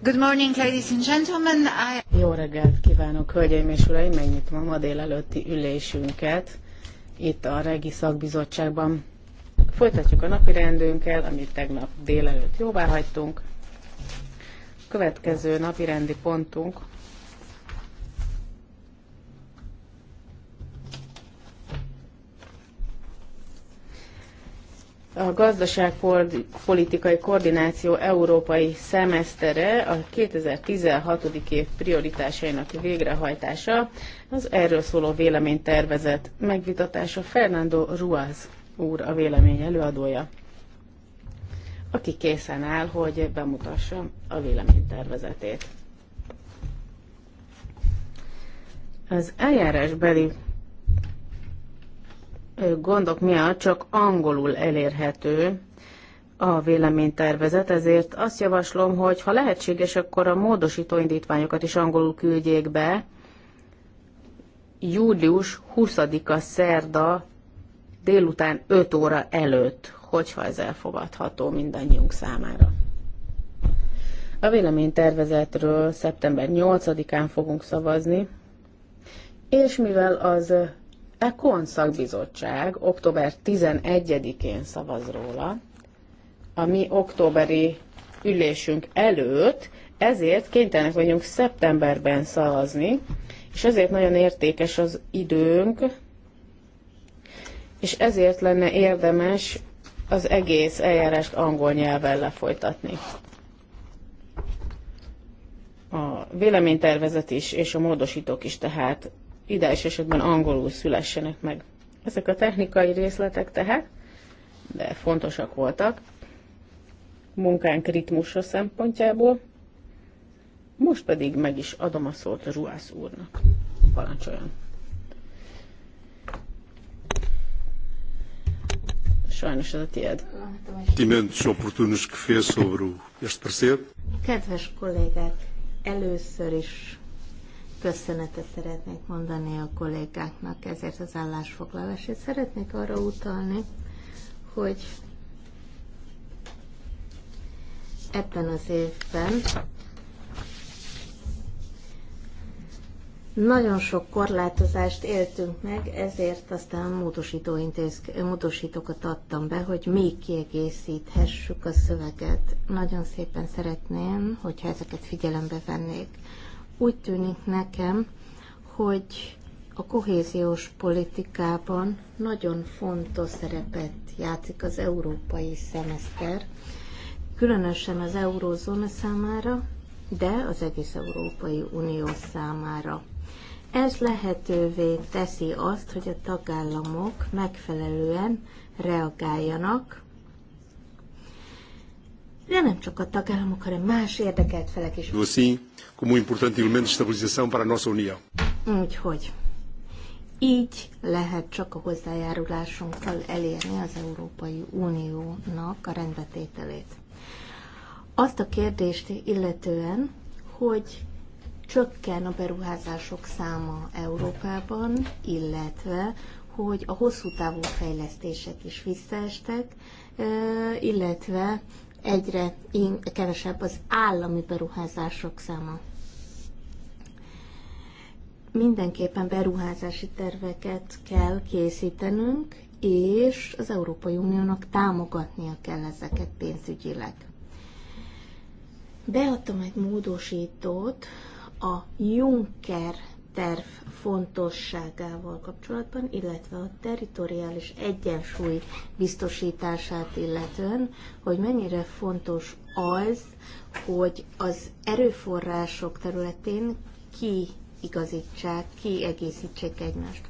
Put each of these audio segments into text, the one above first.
Good morning, ladies and gentlemen. I... Jó reggelt kívánok, hölgyeim és uraim! Megnyitom a ma délelőtti ülésünket itt a Regi Szakbizottságban. Folytatjuk a napi rendünkkel, amit tegnap délelőtt jóvá hagytunk. Következő napi rendi pontunk A gazdaságpolitikai koordináció európai szemesztere a 2016. év prioritásainak végrehajtása, az erről szóló véleménytervezet megvitatása Fernando Ruaz úr a vélemény előadója, aki készen áll, hogy bemutassa a véleménytervezetét. Az eljárásbeli gondok miatt csak angolul elérhető a véleménytervezet, ezért azt javaslom, hogy ha lehetséges, akkor a módosító indítványokat is angolul küldjék be. Július 20-a szerda délután 5 óra előtt, hogyha ez elfogadható mindannyiunk számára. A véleménytervezetről szeptember 8-án fogunk szavazni, és mivel az E konszakbizottság október 11-én szavaz róla, a mi októberi ülésünk előtt, ezért kénytelenek vagyunk szeptemberben szavazni, és ezért nagyon értékes az időnk, és ezért lenne érdemes az egész eljárást angol nyelven lefolytatni. A véleménytervezet is és a módosítók is tehát ideális esetben angolul szülessenek meg. Ezek a technikai részletek tehát, de fontosak voltak munkánk ritmusa szempontjából. Most pedig meg is adom a szót a ruhász úrnak. Parancsoljon! Sajnos ez a tiéd. Timentos opportunus que ezt Kedves kollégák, először is köszönetet szeretnék mondani a kollégáknak ezért az állásfoglalásért. Szeretnék arra utalni, hogy ebben az évben nagyon sok korlátozást éltünk meg, ezért aztán módosító intézk, módosítókat adtam be, hogy még kiegészíthessük a szöveget. Nagyon szépen szeretném, hogyha ezeket figyelembe vennék. Úgy tűnik nekem, hogy a kohéziós politikában nagyon fontos szerepet játszik az európai szemeszter, különösen az eurózóna számára, de az egész Európai Unió számára. Ez lehetővé teszi azt, hogy a tagállamok megfelelően reagáljanak de nem csak a tagállamok, hanem más érdekelt felek is. Assim, como um importante elemento de estabilização para a nossa União. Úgyhogy így lehet csak a hozzájárulásunkkal elérni az Európai Uniónak a rendbetételét. Azt a kérdést illetően, hogy csökken a beruházások száma Európában, illetve hogy a hosszú távú fejlesztések is visszaestek, illetve egyre kevesebb az állami beruházások száma. Mindenképpen beruházási terveket kell készítenünk, és az Európai Uniónak támogatnia kell ezeket pénzügyileg. Beadtam egy módosítót a Juncker terv fontosságával kapcsolatban, illetve a teritoriális egyensúly biztosítását illetően, hogy mennyire fontos az, hogy az erőforrások területén ki igazítsák, kiegészítsék egymást.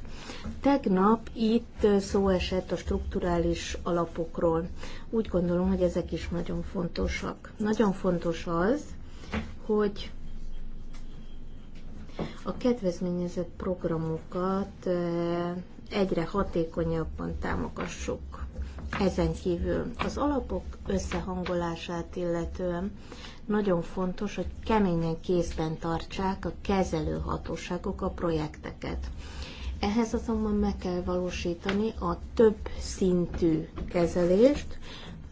Tegnap itt szó esett a strukturális alapokról. Úgy gondolom, hogy ezek is nagyon fontosak. Nagyon fontos az, hogy a kedvezményezett programokat egyre hatékonyabban támogassuk. Ezen kívül az alapok összehangolását illetően nagyon fontos, hogy keményen kézben tartsák a kezelő hatóságok a projekteket. Ehhez azonban meg kell valósítani a több szintű kezelést,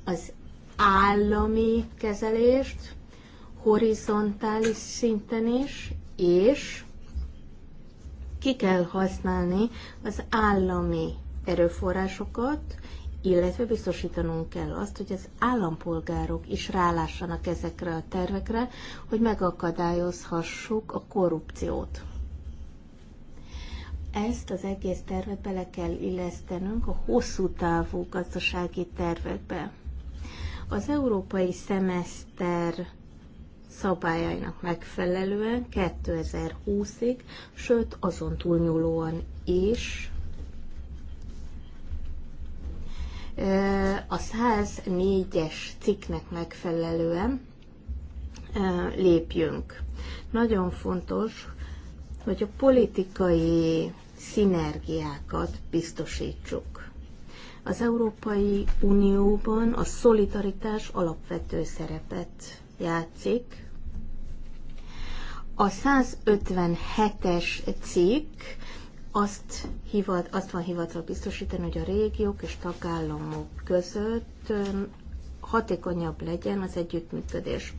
az állami kezelést, horizontális szinten is, és ki kell használni az állami erőforrásokat, illetve biztosítanunk kell azt, hogy az állampolgárok is rálássanak ezekre a tervekre, hogy megakadályozhassuk a korrupciót. Ezt az egész tervet bele kell illesztenünk a hosszú távú gazdasági tervekbe. Az európai szemeszter szabályainak megfelelően 2020-ig, sőt azon túlnyúlóan is a 104-es cikknek megfelelően lépjünk. Nagyon fontos, hogy a politikai szinergiákat biztosítsuk. Az Európai Unióban a szolidaritás alapvető szerepet játszik, a 157-es cikk azt, hivat, azt van hivatal biztosítani, hogy a régiók és tagállamok között hatékonyabb legyen az együttműködés.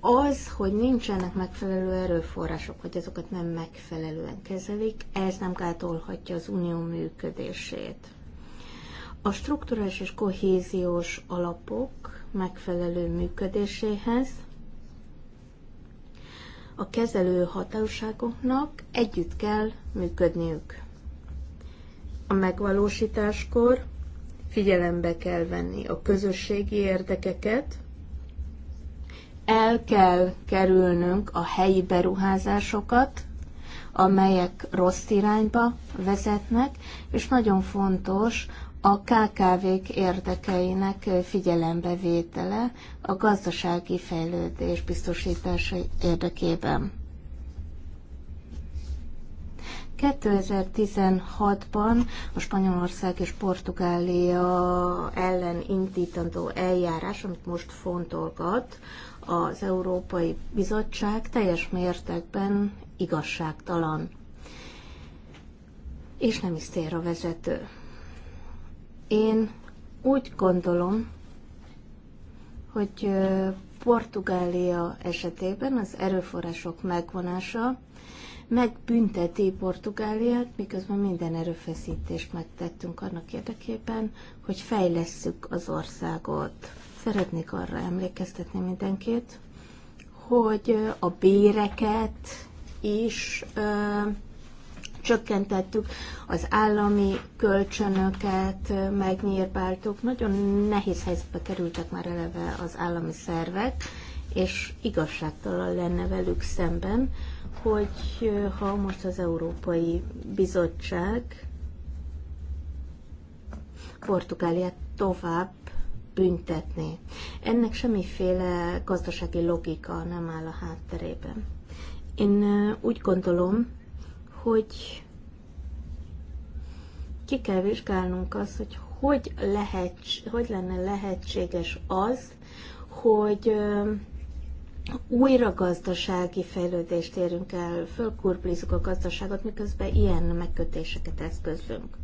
Az, hogy nincsenek megfelelő erőforrások, hogy azokat nem megfelelően kezelik, ez nem gátolhatja az unió működését. A strukturális és kohéziós alapok megfelelő működéséhez a kezelő hatóságoknak együtt kell működniük. A megvalósításkor figyelembe kell venni a közösségi érdekeket, el kell kerülnünk a helyi beruházásokat, amelyek rossz irányba vezetnek, és nagyon fontos a KKV-k érdekeinek figyelembevétele a gazdasági fejlődés biztosítása érdekében. 2016-ban a Spanyolország és Portugália ellen indítandó eljárás, amit most fontolgat, az Európai Bizottság teljes mértékben igazságtalan, és nem is tér a vezető. Én úgy gondolom, hogy Portugália esetében az erőforrások megvonása megbünteti Portugáliát, miközben minden erőfeszítést megtettünk annak érdekében, hogy fejlesszük az országot. Szeretnék arra emlékeztetni mindenkit, hogy a béreket is csökkentettük, az állami kölcsönöket megnyírbáltuk, nagyon nehéz helyzetbe kerültek már eleve az állami szervek, és igazságtalan lenne velük szemben, hogy ha most az Európai Bizottság Portugáliát tovább büntetni. Ennek semmiféle gazdasági logika nem áll a hátterében. Én úgy gondolom, hogy ki kell vizsgálnunk azt, hogy hogy, lehet, hogy lenne lehetséges az, hogy újra gazdasági fejlődést érünk el, fölkurplizunk a gazdaságot, miközben ilyen megkötéseket eszközlünk.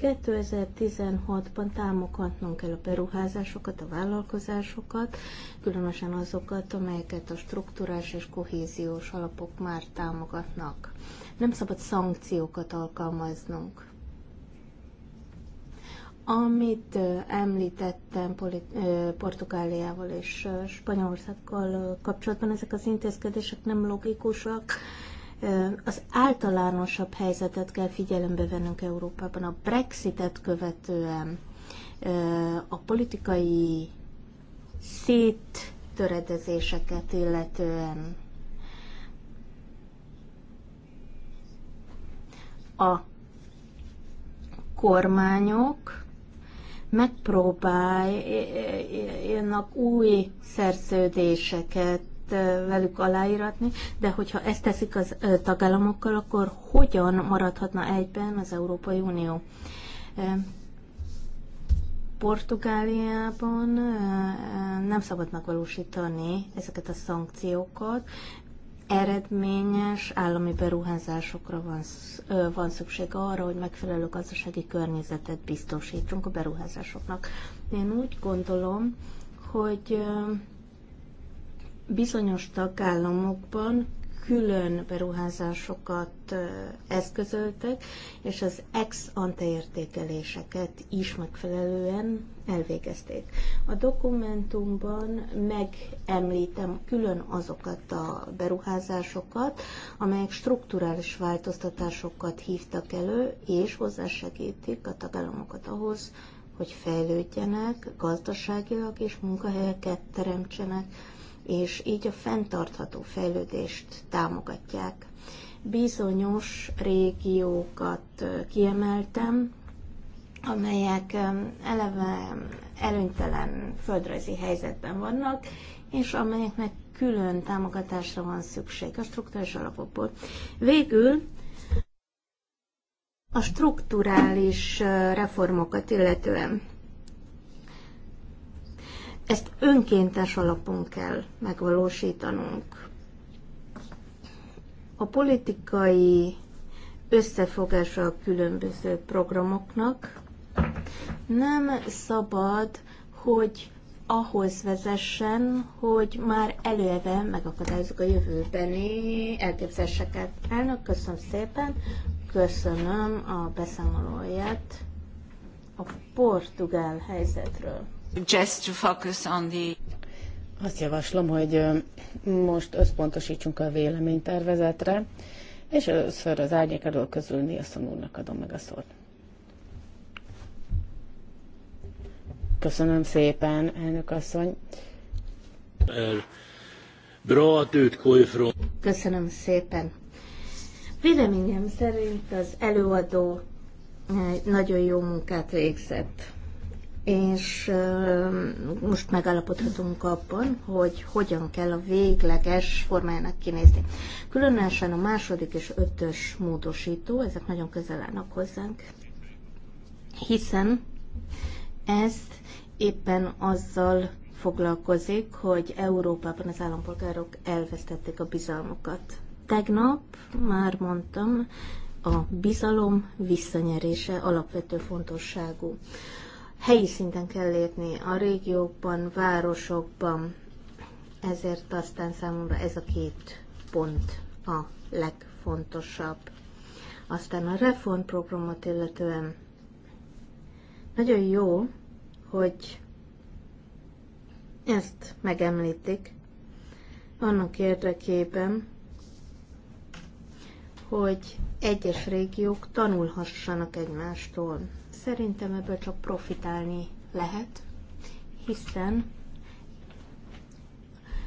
2016-ban támogatnunk kell a beruházásokat, a vállalkozásokat, különösen azokat, amelyeket a struktúrás és kohéziós alapok már támogatnak. Nem szabad szankciókat alkalmaznunk. Amit említettem Portugáliával és Spanyolországgal kapcsolatban, ezek az intézkedések nem logikusak. Az általánosabb helyzetet kell figyelembe vennünk Európában. A Brexitet követően a politikai széttöredezéseket illetően a kormányok megpróbálnak új szerződéseket velük aláíratni, de hogyha ezt teszik az tagállamokkal, akkor hogyan maradhatna egyben az Európai Unió? Portugáliában nem szabad megvalósítani ezeket a szankciókat, eredményes állami beruházásokra van, van szükség arra, hogy megfelelő gazdasági környezetet biztosítsunk a beruházásoknak. Én úgy gondolom, hogy bizonyos tagállamokban külön beruházásokat eszközöltek, és az ex ante értékeléseket is megfelelően elvégezték. A dokumentumban megemlítem külön azokat a beruházásokat, amelyek strukturális változtatásokat hívtak elő, és hozzásegítik a tagállamokat ahhoz, hogy fejlődjenek gazdaságilag és munkahelyeket teremtsenek és így a fenntartható fejlődést támogatják. Bizonyos régiókat kiemeltem, amelyek eleve előnytelen földrajzi helyzetben vannak, és amelyeknek külön támogatásra van szükség a struktúrális alapokból. Végül a strukturális reformokat illetően ezt önkéntes alapon kell megvalósítanunk. A politikai összefogása a különböző programoknak nem szabad, hogy ahhoz vezessen, hogy már előre megakadályozunk a jövőbeni elképzeléseket. Elnök, köszönöm szépen, köszönöm a beszámolóját a portugál helyzetről. Azt javaslom, hogy most összpontosítsunk a véleménytervezetre, és először az árnyékadó közül Nilsson úrnak adom meg a szót. Köszönöm szépen, elnök asszony. Köszönöm szépen. Véleményem szerint az előadó eh, nagyon jó munkát végzett és most megállapodhatunk abban, hogy hogyan kell a végleges formájának kinézni. Különösen a második és ötös módosító, ezek nagyon közel állnak hozzánk, hiszen ez éppen azzal foglalkozik, hogy Európában az állampolgárok elvesztették a bizalmukat. Tegnap már mondtam, a bizalom visszanyerése alapvető fontosságú helyi szinten kell lépni, a régiókban, városokban. Ezért aztán számomra ez a két pont a legfontosabb. Aztán a reformprogramot illetően nagyon jó, hogy ezt megemlítik annak érdekében, hogy egyes régiók tanulhassanak egymástól. Szerintem ebből csak profitálni lehet, hiszen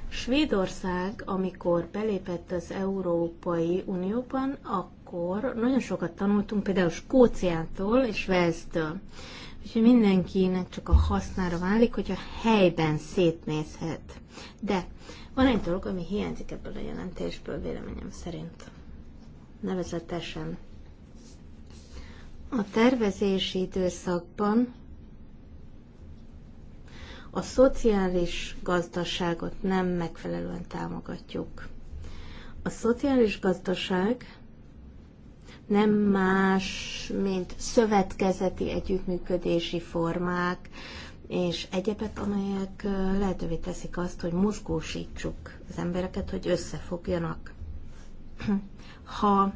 Svédország, amikor belépett az Európai Unióban, akkor nagyon sokat tanultunk, például Skóciától és Velsztől. Úgyhogy mindenkinek csak a hasznára válik, a helyben szétnézhet. De van egy dolog, ami hiányzik ebből a jelentésből, véleményem szerint. Nevezetesen a tervezési időszakban a szociális gazdaságot nem megfelelően támogatjuk. A szociális gazdaság nem más, mint szövetkezeti együttműködési formák és egyebek, amelyek lehetővé teszik azt, hogy mozgósítsuk az embereket, hogy összefogjanak. Ha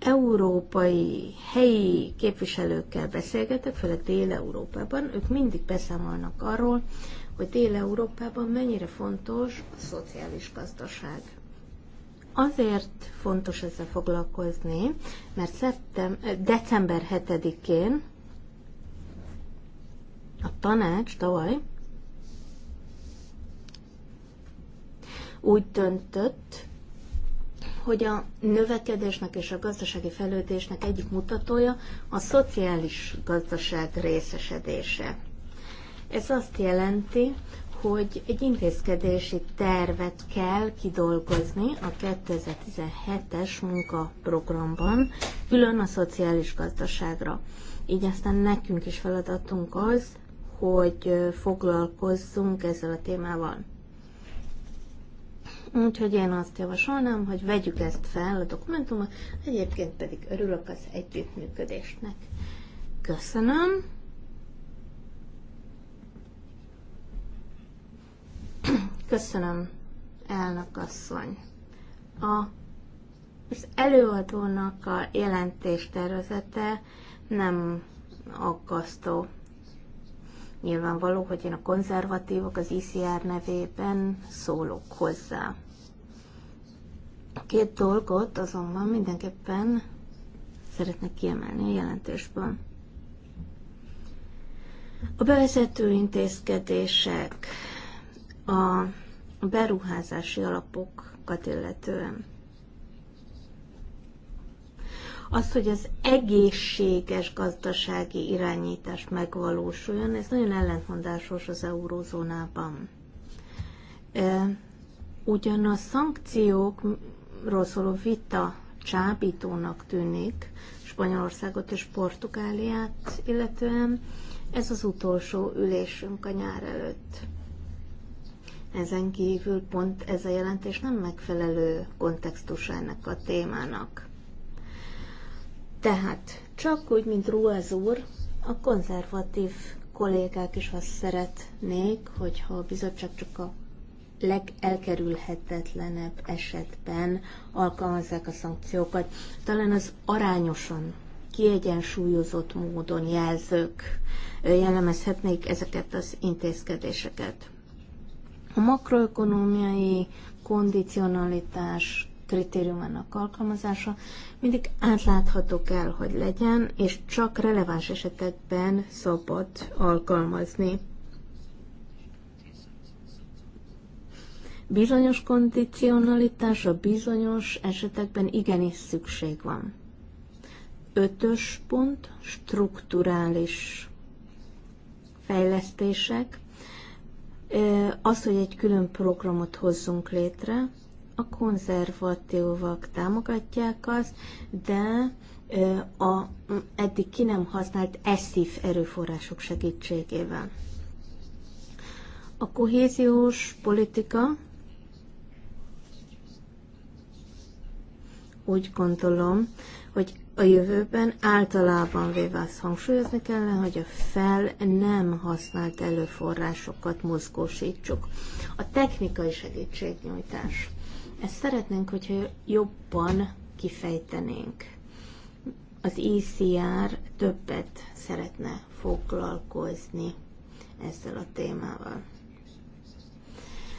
európai helyi képviselőkkel beszélgetek, főleg Dél-Európában, ők mindig beszámolnak arról, hogy Dél-Európában mennyire fontos a szociális gazdaság. Azért fontos ezzel foglalkozni, mert szeptem, december 7-én a tanács tavaly úgy döntött, hogy a növekedésnek és a gazdasági fejlődésnek egyik mutatója a szociális gazdaság részesedése. Ez azt jelenti, hogy egy intézkedési tervet kell kidolgozni a 2017-es munkaprogramban, külön a szociális gazdaságra. Így aztán nekünk is feladatunk az, hogy foglalkozzunk ezzel a témával. Úgyhogy én azt javasolnám, hogy vegyük ezt fel a dokumentumot, egyébként pedig örülök az együttműködésnek. Köszönöm. Köszönöm, elnök asszony. A, az előadónak a jelentéstervezete nem aggasztó Nyilvánvaló, hogy én a konzervatívok az ICR nevében szólok hozzá. Két dolgot azonban mindenképpen szeretnék kiemelni a jelentésből. A bevezető intézkedések, a beruházási alapokat illetően az, hogy az egészséges gazdasági irányítás megvalósuljon, ez nagyon ellentmondásos az eurózónában. Ugyan a szankciókról szóló vita csábítónak tűnik Spanyolországot és Portugáliát, illetően ez az utolsó ülésünk a nyár előtt. Ezen kívül pont ez a jelentés nem megfelelő kontextusának a témának. Tehát csak úgy, mint Ruaz úr, a konzervatív kollégák is azt szeretnék, hogyha a bizottság csak a legelkerülhetetlenebb esetben alkalmazzák a szankciókat. Talán az arányosan, kiegyensúlyozott módon jelzők jellemezhetnék ezeket az intézkedéseket. A makroökonomiai kondicionalitás kritériumának alkalmazása mindig átlátható kell, hogy legyen, és csak releváns esetekben szabad alkalmazni. Bizonyos kondicionalitásra bizonyos esetekben igenis szükség van. Ötös pont, strukturális fejlesztések. Az, hogy egy külön programot hozzunk létre, a konzervatívak támogatják azt, de a eddig ki nem használt eszív erőforrások segítségével. A kohéziós politika úgy gondolom, hogy a jövőben általában véve azt hangsúlyozni kellene, hogy a fel nem használt előforrásokat mozgósítsuk. A technikai segítségnyújtás. Ezt szeretnénk, hogyha jobban kifejtenénk. Az ICR e többet szeretne foglalkozni ezzel a témával.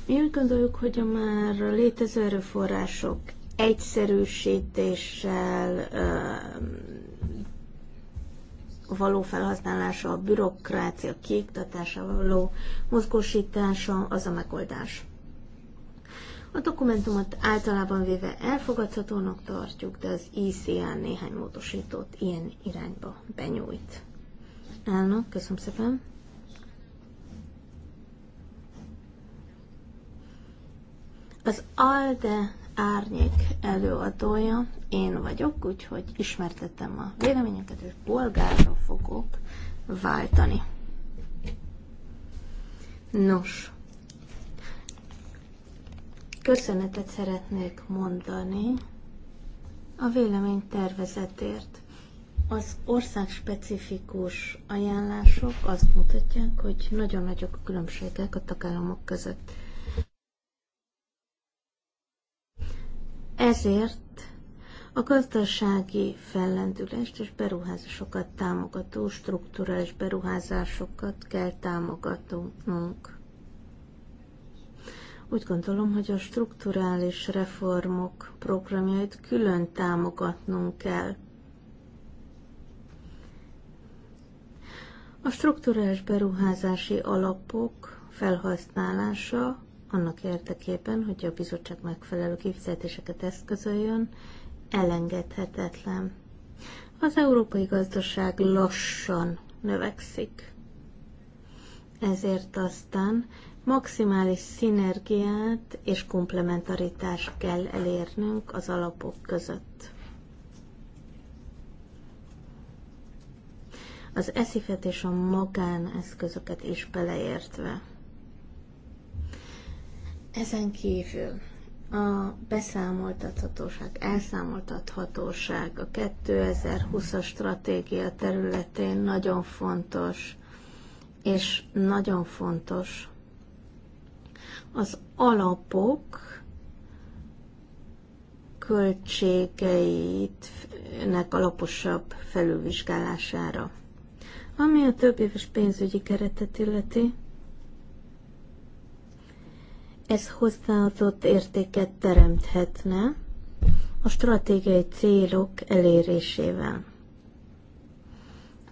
Mi úgy gondoljuk, hogy a már létező erőforrások egyszerűsítéssel való felhasználása, a bürokrácia kiiktatása való mozgósítása az a megoldás. A dokumentumot általában véve elfogadhatónak tartjuk, de az ICL néhány módosítót ilyen irányba benyújt. Elnök, köszönöm szépen. Az ALDE árnyék előadója én vagyok, úgyhogy ismertettem a véleményeket, és polgárra fogok váltani. Nos, köszönetet szeretnék mondani a vélemény tervezetért. Az ország specifikus ajánlások azt mutatják, hogy nagyon nagyok a különbségek a tagállamok között. Ezért a gazdasági fellendülést és beruházásokat támogató strukturális beruházásokat kell támogatnunk. Úgy gondolom, hogy a strukturális reformok programjait külön támogatnunk kell. A strukturális beruházási alapok felhasználása annak érdekében, hogy a bizottság megfelelő kifizetéseket eszközöljön, elengedhetetlen. Az európai gazdaság lassan növekszik. Ezért aztán maximális szinergiát és komplementaritást kell elérnünk az alapok között. Az eszifet és a eszközöket is beleértve. Ezen kívül a beszámoltathatóság, elszámoltathatóság a 2020-as stratégia területén nagyon fontos, és nagyon fontos, az alapok költségeinek alaposabb felülvizsgálására. Ami a több éves pénzügyi keretet illeti, ez hozzáadott értéket teremthetne a stratégiai célok elérésével.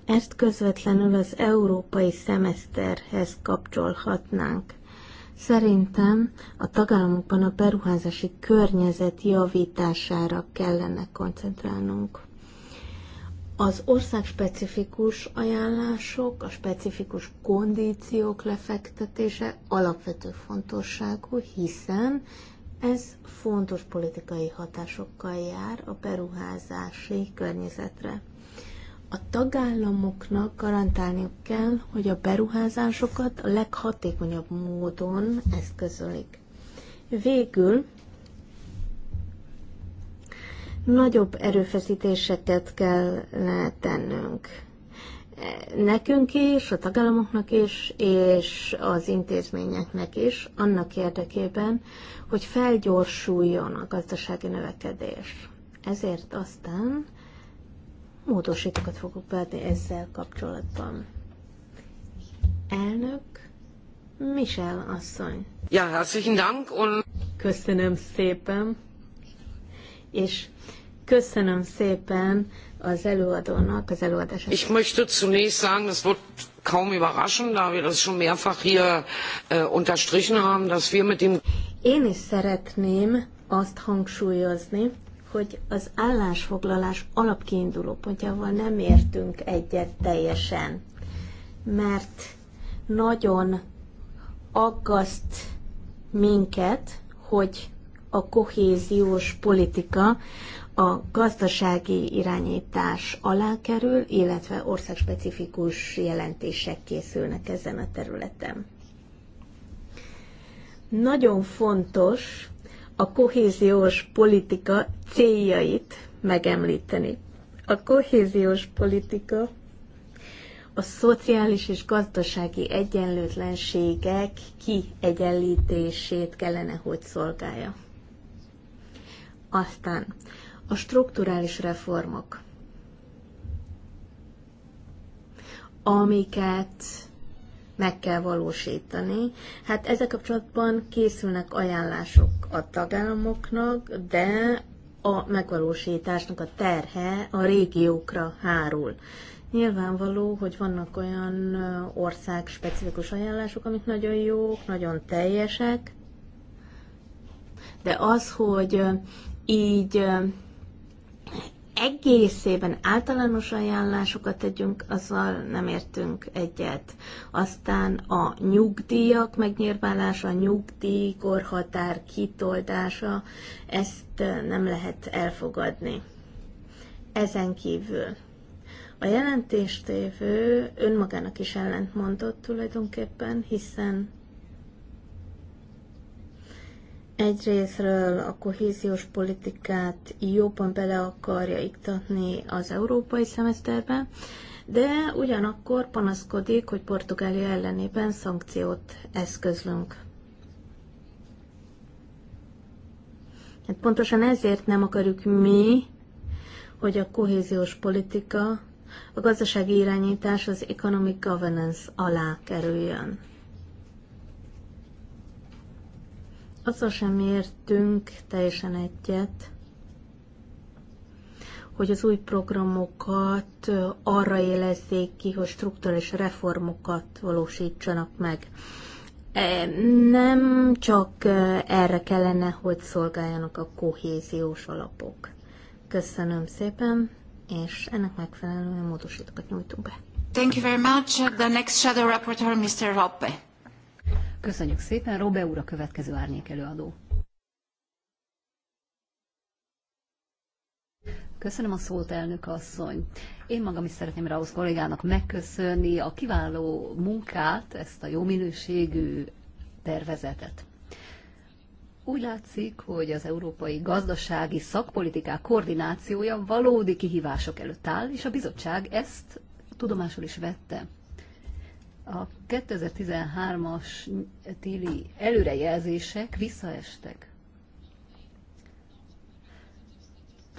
Ezt közvetlenül az európai szemeszterhez kapcsolhatnánk. Szerintem a tagállamokban a beruházási környezet javítására kellene koncentrálnunk. Az országspecifikus ajánlások, a specifikus kondíciók lefektetése alapvető fontosságú, hiszen ez fontos politikai hatásokkal jár a beruházási környezetre. A tagállamoknak garantálniuk kell, hogy a beruházásokat a leghatékonyabb módon eszközölik. Végül nagyobb erőfeszítéseket kell tennünk. Nekünk is, a tagállamoknak is, és az intézményeknek is, annak érdekében, hogy felgyorsuljon a gazdasági növekedés. Ezért aztán módosítókat fogok beadni ezzel kapcsolatban. Elnök Michel asszony. Ja, herzlichen Dank. Und... Köszönöm szépen. És köszönöm szépen az előadónak az előadását. Ich möchte zunächst sagen, das wird kaum überraschen, da wir das schon mehrfach hier äh, unterstrichen haben, dass wir mit dem... Én is szeretném azt hangsúlyozni, hogy az állásfoglalás alapkiinduló pontjával nem értünk egyet teljesen, mert nagyon aggaszt minket, hogy a kohéziós politika a gazdasági irányítás alá kerül, illetve országspecifikus jelentések készülnek ezen a területen. Nagyon fontos, a kohéziós politika céljait megemlíteni. A kohéziós politika a szociális és gazdasági egyenlőtlenségek kiegyenlítését kellene, hogy szolgálja. Aztán a strukturális reformok, amiket meg kell valósítani. Hát ezzel kapcsolatban készülnek ajánlások a tagállamoknak, de a megvalósításnak a terhe a régiókra hárul. Nyilvánvaló, hogy vannak olyan ország specifikus ajánlások, amik nagyon jók, nagyon teljesek, de az, hogy így egészében általános ajánlásokat tegyünk, azzal nem értünk egyet. Aztán a nyugdíjak megnyírválása, a nyugdíjkorhatár kitoldása, ezt nem lehet elfogadni. Ezen kívül a jelentéstévő önmagának is ellentmondott tulajdonképpen, hiszen egyrésztről a kohéziós politikát jobban bele akarja iktatni az európai szemeszterbe, de ugyanakkor panaszkodik, hogy Portugália ellenében szankciót eszközlünk. Hát pontosan ezért nem akarjuk mi, hogy a kohéziós politika a gazdasági irányítás az economic governance alá kerüljön. azzal sem értünk teljesen egyet, hogy az új programokat arra élezzék ki, hogy strukturális reformokat valósítsanak meg. E, nem csak erre kellene, hogy szolgáljanak a kohéziós alapok. Köszönöm szépen, és ennek megfelelően módosítokat nyújtunk be. Thank you very much. The next shadow rapporteur, Mr. Roppe. Köszönjük szépen. Robe úr a következő árnyék előadó. Köszönöm a szót, elnök asszony. Én magam is szeretném Rausz kollégának megköszönni a kiváló munkát, ezt a jó minőségű tervezetet. Úgy látszik, hogy az európai gazdasági szakpolitikák koordinációja valódi kihívások előtt áll, és a bizottság ezt tudomásul is vette. A 2013-as téli előrejelzések visszaestek.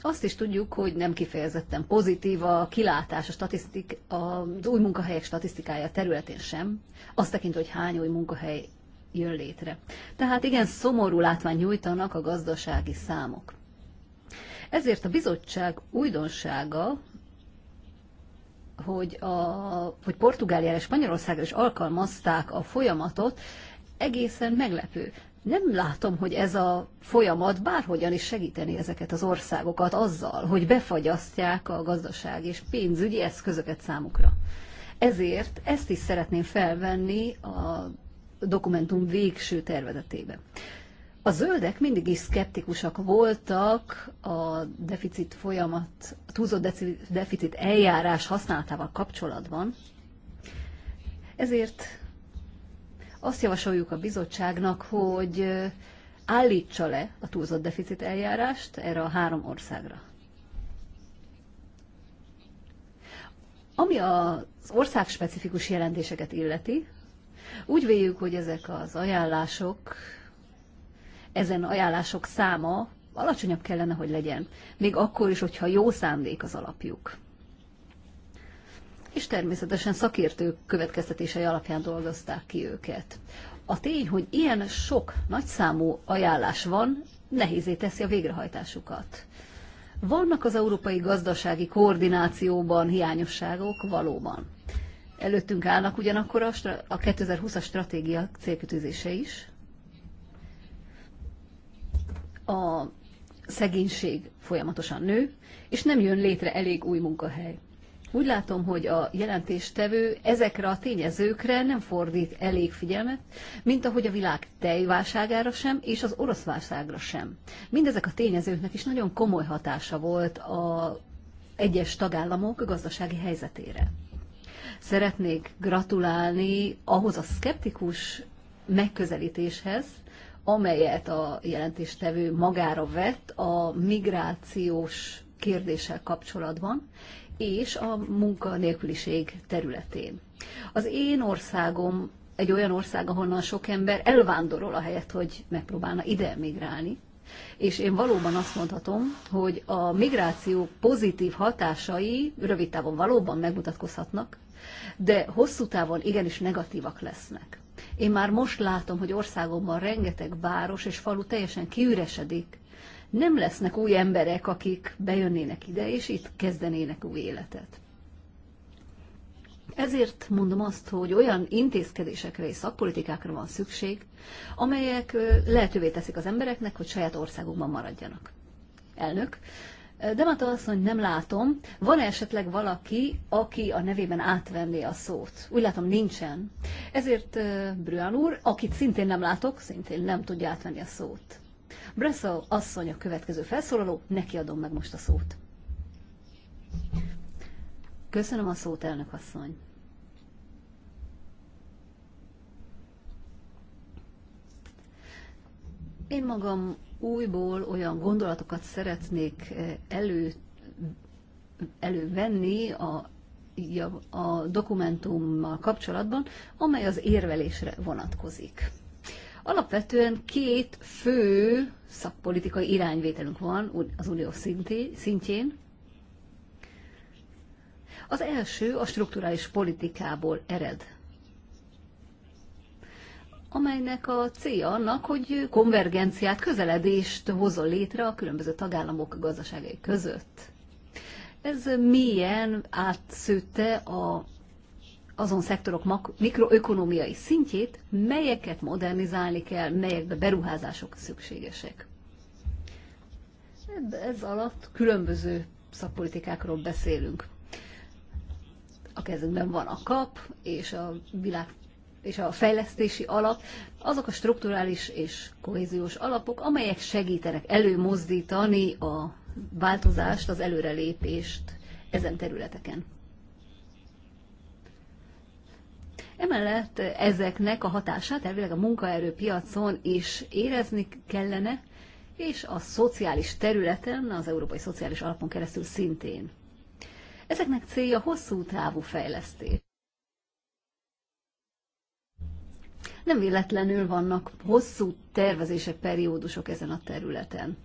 Azt is tudjuk, hogy nem kifejezetten pozitív a kilátás a statisztik, az új munkahelyek statisztikája területén sem, azt tekint, hogy hány új munkahely jön létre. Tehát igen, szomorú látvány nyújtanak a gazdasági számok. Ezért a bizottság újdonsága, hogy, a, hogy Portugáliára és Spanyolországra is alkalmazták a folyamatot, egészen meglepő. Nem látom, hogy ez a folyamat bárhogyan is segíteni ezeket az országokat azzal, hogy befagyasztják a gazdaság és pénzügyi eszközöket számukra. Ezért ezt is szeretném felvenni a dokumentum végső tervezetében a zöldek mindig is szkeptikusak voltak a deficit folyamat, a túlzott deficit eljárás használatával kapcsolatban, ezért azt javasoljuk a bizottságnak, hogy állítsa le a túlzott deficit eljárást erre a három országra. Ami az specifikus jelentéseket illeti, úgy véljük, hogy ezek az ajánlások ezen ajánlások száma alacsonyabb kellene, hogy legyen, még akkor is, hogyha jó szándék az alapjuk. És természetesen szakértők következtetései alapján dolgozták ki őket. A tény, hogy ilyen sok nagyszámú ajánlás van, nehézé teszi a végrehajtásukat. Vannak az európai gazdasági koordinációban hiányosságok valóban. Előttünk állnak ugyanakkor a, a 2020-as stratégia célkötőzése is, a szegénység folyamatosan nő, és nem jön létre elég új munkahely. Úgy látom, hogy a jelentéstevő ezekre a tényezőkre nem fordít elég figyelmet, mint ahogy a világ tejválságára sem, és az orosz válságra sem. Mindezek a tényezőknek is nagyon komoly hatása volt a egyes tagállamok gazdasági helyzetére. Szeretnék gratulálni ahhoz a szkeptikus megközelítéshez, amelyet a jelentéstevő magára vett a migrációs kérdéssel kapcsolatban, és a munkanélküliség területén. Az én országom egy olyan ország, ahonnan sok ember elvándorol a helyet, hogy megpróbálna ide migrálni. És én valóban azt mondhatom, hogy a migráció pozitív hatásai rövid távon valóban megmutatkozhatnak, de hosszú távon igenis negatívak lesznek. Én már most látom, hogy országomban rengeteg város és falu teljesen kiüresedik. Nem lesznek új emberek, akik bejönnének ide, és itt kezdenének új életet. Ezért mondom azt, hogy olyan intézkedésekre és szakpolitikákra van szükség, amelyek lehetővé teszik az embereknek, hogy saját országukban maradjanak. Elnök, Demata asszony, nem látom. Van-e esetleg valaki, aki a nevében átvenné a szót? Úgy látom, nincsen. Ezért Brüan úr, akit szintén nem látok, szintén nem tudja átvenni a szót. Bresso asszony a következő felszólaló, neki adom meg most a szót. Köszönöm a szót, elnök asszony. Én magam újból olyan gondolatokat szeretnék eh, elő, elővenni a, a dokumentummal kapcsolatban, amely az érvelésre vonatkozik. Alapvetően két fő szakpolitikai irányvételünk van az unió szintjén. Az első a strukturális politikából ered amelynek a célja annak, hogy konvergenciát, közeledést hozol létre a különböző tagállamok gazdaságai között. Ez milyen átszőtte a, azon szektorok mikroökonomiai szintjét, melyeket modernizálni kell, melyekbe beruházások szükségesek. Ez alatt különböző szakpolitikákról beszélünk. A kezünkben van a kap, és a világ és a fejlesztési alap, azok a strukturális és kohéziós alapok, amelyek segítenek előmozdítani a változást, az előrelépést ezen területeken. Emellett ezeknek a hatását elvileg a munkaerőpiacon is érezni kellene, és a szociális területen, az Európai Szociális Alapon keresztül szintén. Ezeknek célja hosszú távú fejlesztés. Nem véletlenül vannak hosszú tervezések, periódusok ezen a területen.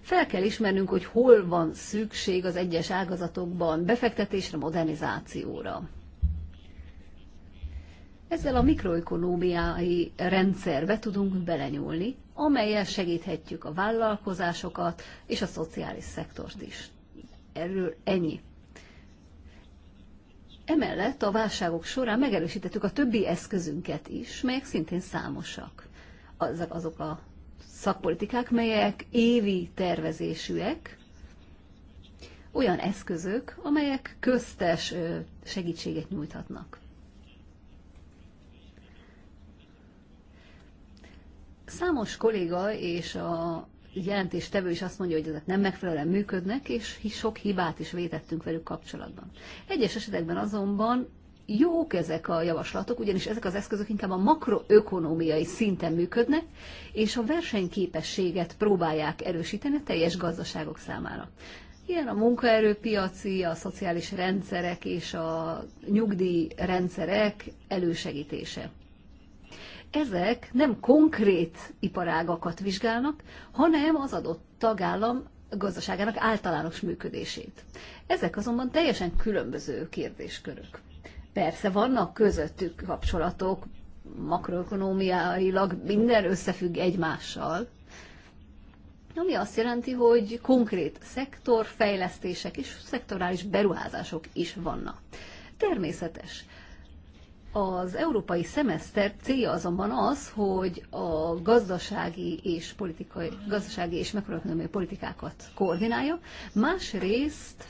Fel kell ismernünk, hogy hol van szükség az egyes ágazatokban befektetésre, modernizációra. Ezzel a mikroökonómiai rendszerbe tudunk belenyúlni, amelyel segíthetjük a vállalkozásokat és a szociális szektort is. Erről ennyi. Emellett a válságok során megerősítettük a többi eszközünket is, melyek szintén számosak. Azok, azok a szakpolitikák, melyek évi tervezésűek, olyan eszközök, amelyek köztes segítséget nyújthatnak. Számos kolléga és a jelentéstevő is azt mondja, hogy ezek nem megfelelően működnek, és sok hibát is vétettünk velük kapcsolatban. Egyes esetekben azonban jók ezek a javaslatok, ugyanis ezek az eszközök inkább a makroökonomiai szinten működnek, és a versenyképességet próbálják erősíteni a teljes gazdaságok számára. Ilyen a munkaerőpiaci, a szociális rendszerek és a nyugdíjrendszerek elősegítése ezek nem konkrét iparágakat vizsgálnak, hanem az adott tagállam gazdaságának általános működését. Ezek azonban teljesen különböző kérdéskörök. Persze vannak közöttük kapcsolatok, makroökonómiailag minden összefügg egymással, ami azt jelenti, hogy konkrét szektorfejlesztések és szektorális beruházások is vannak. Természetes, az európai szemeszter célja azonban az, hogy a gazdasági és, politikai, gazdasági és makroökonomiai politikákat koordinálja, másrészt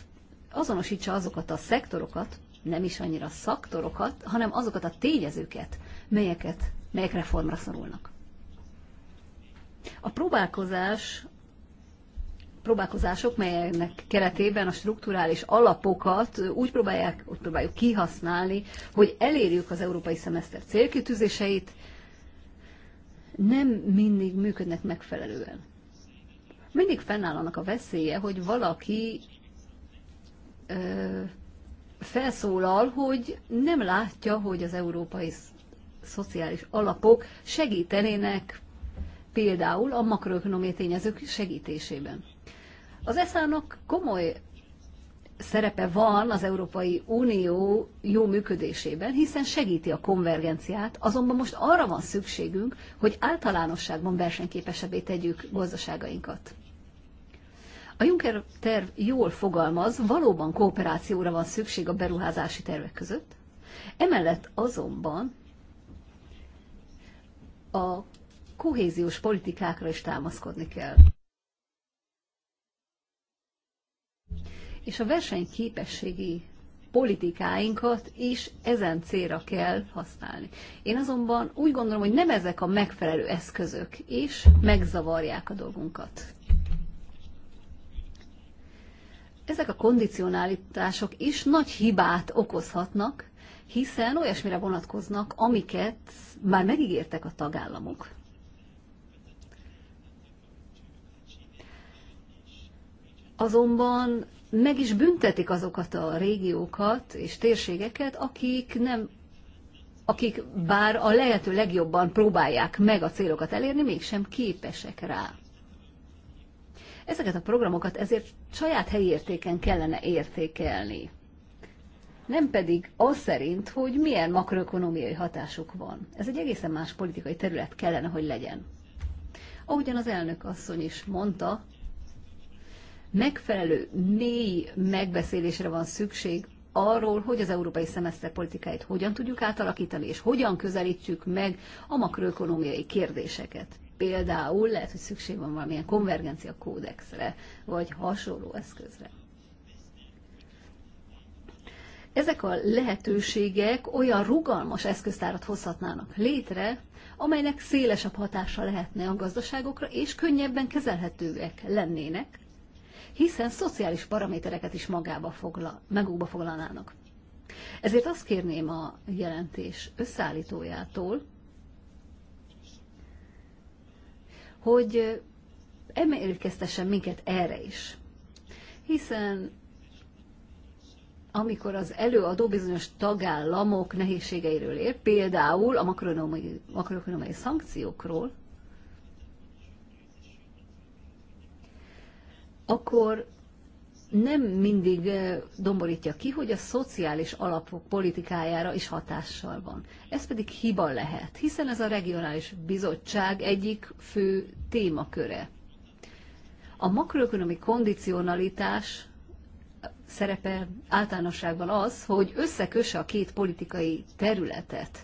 azonosítsa azokat a szektorokat, nem is annyira szaktorokat, hanem azokat a tényezőket, melyeket, melyek reformra szorulnak. A próbálkozás próbálkozások, melyeknek keretében a strukturális alapokat úgy, próbálják, úgy próbáljuk kihasználni, hogy elérjük az európai szemeszter célkitűzéseit, nem mindig működnek megfelelően. Mindig fennáll annak a veszélye, hogy valaki ö, felszólal, hogy nem látja, hogy az európai szociális alapok segítenének például a makroökonomiai tényezők segítésében. Az ESZÁ-nak komoly szerepe van az Európai Unió jó működésében, hiszen segíti a konvergenciát, azonban most arra van szükségünk, hogy általánosságban versenyképesebbé tegyük gazdaságainkat. A Juncker terv jól fogalmaz, valóban kooperációra van szükség a beruházási tervek között, emellett azonban a kohéziós politikákra is támaszkodni kell. és a versenyképességi politikáinkat is ezen célra kell használni. Én azonban úgy gondolom, hogy nem ezek a megfelelő eszközök, és megzavarják a dolgunkat. Ezek a kondicionálítások is nagy hibát okozhatnak, hiszen olyasmire vonatkoznak, amiket már megígértek a tagállamok. Azonban meg is büntetik azokat a régiókat és térségeket, akik nem akik bár a lehető legjobban próbálják meg a célokat elérni, mégsem képesek rá. Ezeket a programokat ezért saját helyi értéken kellene értékelni. Nem pedig az szerint, hogy milyen makroökonomiai hatásuk van. Ez egy egészen más politikai terület kellene, hogy legyen. Ahogyan az elnök asszony is mondta, megfelelő, mély megbeszélésre van szükség arról, hogy az európai szemeszter politikáit hogyan tudjuk átalakítani, és hogyan közelítjük meg a makroökonomiai kérdéseket. Például lehet, hogy szükség van valamilyen konvergencia kódexre, vagy hasonló eszközre. Ezek a lehetőségek olyan rugalmas eszköztárat hozhatnának létre, amelynek szélesebb hatása lehetne a gazdaságokra, és könnyebben kezelhetőek lennének, hiszen szociális paramétereket is magába foglal, magukba foglalnának. Ezért azt kérném a jelentés összeállítójától, hogy emlékeztessen minket erre is. Hiszen amikor az előadó bizonyos tagállamok nehézségeiről ér, például a makroekonomiai szankciókról, akkor nem mindig eh, domborítja ki, hogy a szociális alapok politikájára is hatással van. Ez pedig hiba lehet, hiszen ez a regionális bizottság egyik fő témaköre. A makroökonomi kondicionalitás szerepe általánosságban az, hogy összeköse a két politikai területet.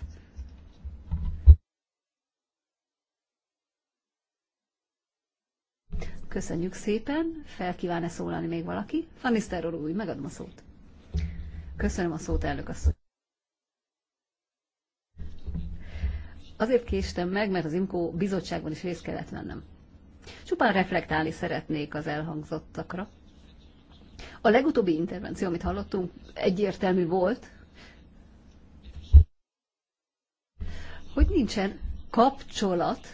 Köszönjük szépen. Fel kíván-e szólalni még valaki? Fannister úr, új, megadom a szót. Köszönöm a szót, elnök asszony. Azért késtem meg, mert az IMKO bizottságban is részt kellett vennem. Csupán reflektálni szeretnék az elhangzottakra. A legutóbbi intervenció, amit hallottunk, egyértelmű volt, hogy nincsen kapcsolat,